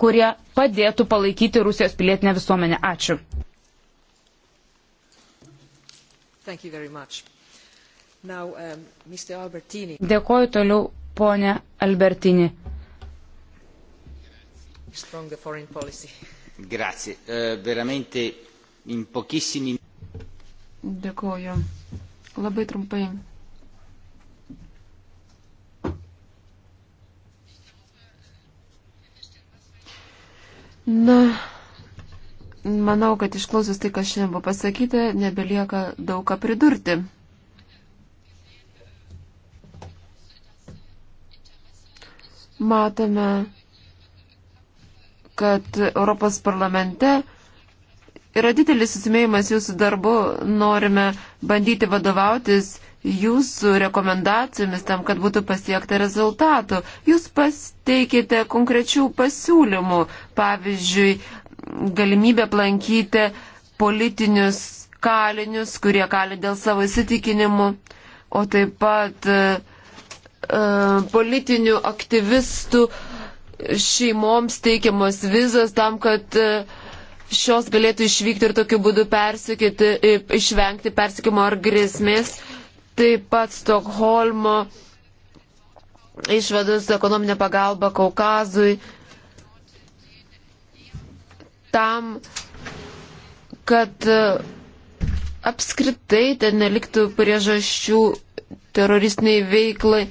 kurie padėtų palaikyti Rusijos pilietinę visuomenę. Ačiū. Now, um, Dėkoju toliau, ponė Albertini. Grazie. Uh, veramente in pochissimi. Dėkoju. Labai trumpai Na, manau, kad išklausus tai, kas šiandien buvo pasakyta, nebelieka daug ką pridurti. Matome, kad Europos parlamente yra didelis susimėjimas jūsų darbu, norime bandyti vadovautis jūsų rekomendacijomis tam, kad būtų pasiekta rezultatų. Jūs pasteikite konkrečių pasiūlymų, pavyzdžiui, galimybę aplankyti politinius kalinius, kurie kali dėl savo įsitikinimų, o taip pat e, e, politinių aktyvistų šeimoms teikiamos vizas tam, kad e, šios galėtų išvykti ir tokiu būdu persikėti, e, išvengti persikimo ar grėsmės taip pat Stokholmo išvadus ekonominę pagalbą Kaukazui tam, kad e, apskritai ten neliktų priežasčių teroristiniai veiklai,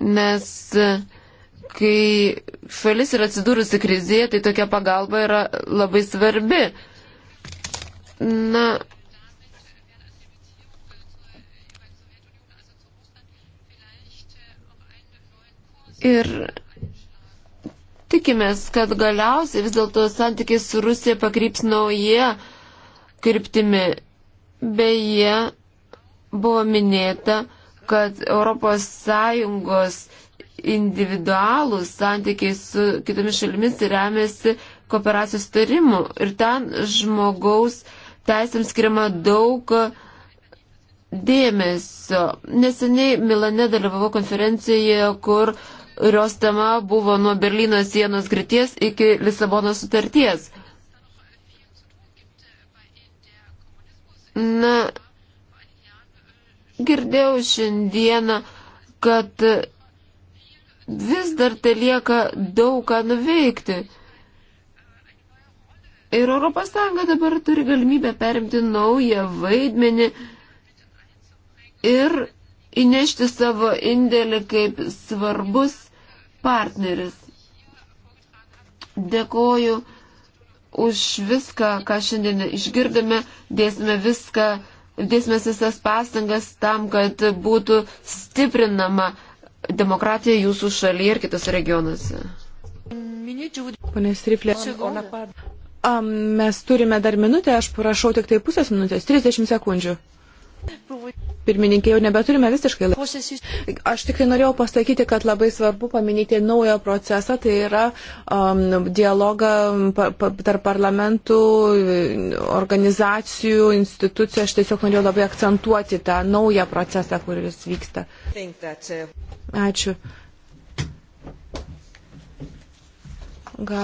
nes e, kai šalis yra atsidūrusi krizėje, tai tokia pagalba yra labai svarbi. Na, Ir tikimės, kad galiausiai vis dėlto santykiai su Rusija pakryps nauja kryptimi. Beje, buvo minėta, kad ES individualūs santykiai su kitomis šalimis remiasi kooperacijos tarimu. Ir ten žmogaus teisėms skiriama daug dėmesio. Neseniai Milane dalyvavo konferencijoje, kur uh, kurios tema buvo nuo Berlyno sienos grities iki Lisabono sutarties. Na, girdėjau šiandieną, kad vis dar tai lieka daug ką nuveikti. Ir ES dabar turi galimybę perimti naują vaidmenį ir įnešti savo indėlį kaip svarbus partneris. Dėkoju už viską, ką šiandien išgirdome, dėsime viską, dėsime visas pastangas tam, kad būtų stiprinama demokratija jūsų šalyje ir kitose regionuose. Pane Striflė, mes turime dar minutę, aš prašau tik tai pusės minutės, 30 sekundžių. Pirmininkė, jau nebeturime visiškai laiko. Aš tik tai norėjau pasakyti, kad labai svarbu paminėti naują procesą, tai yra um, dialogą pa, pa, tarp parlamentų, organizacijų, institucijų. Aš tiesiog norėjau labai akcentuoti tą naują procesą, kuris vyksta. Uh, Ačiū. Gal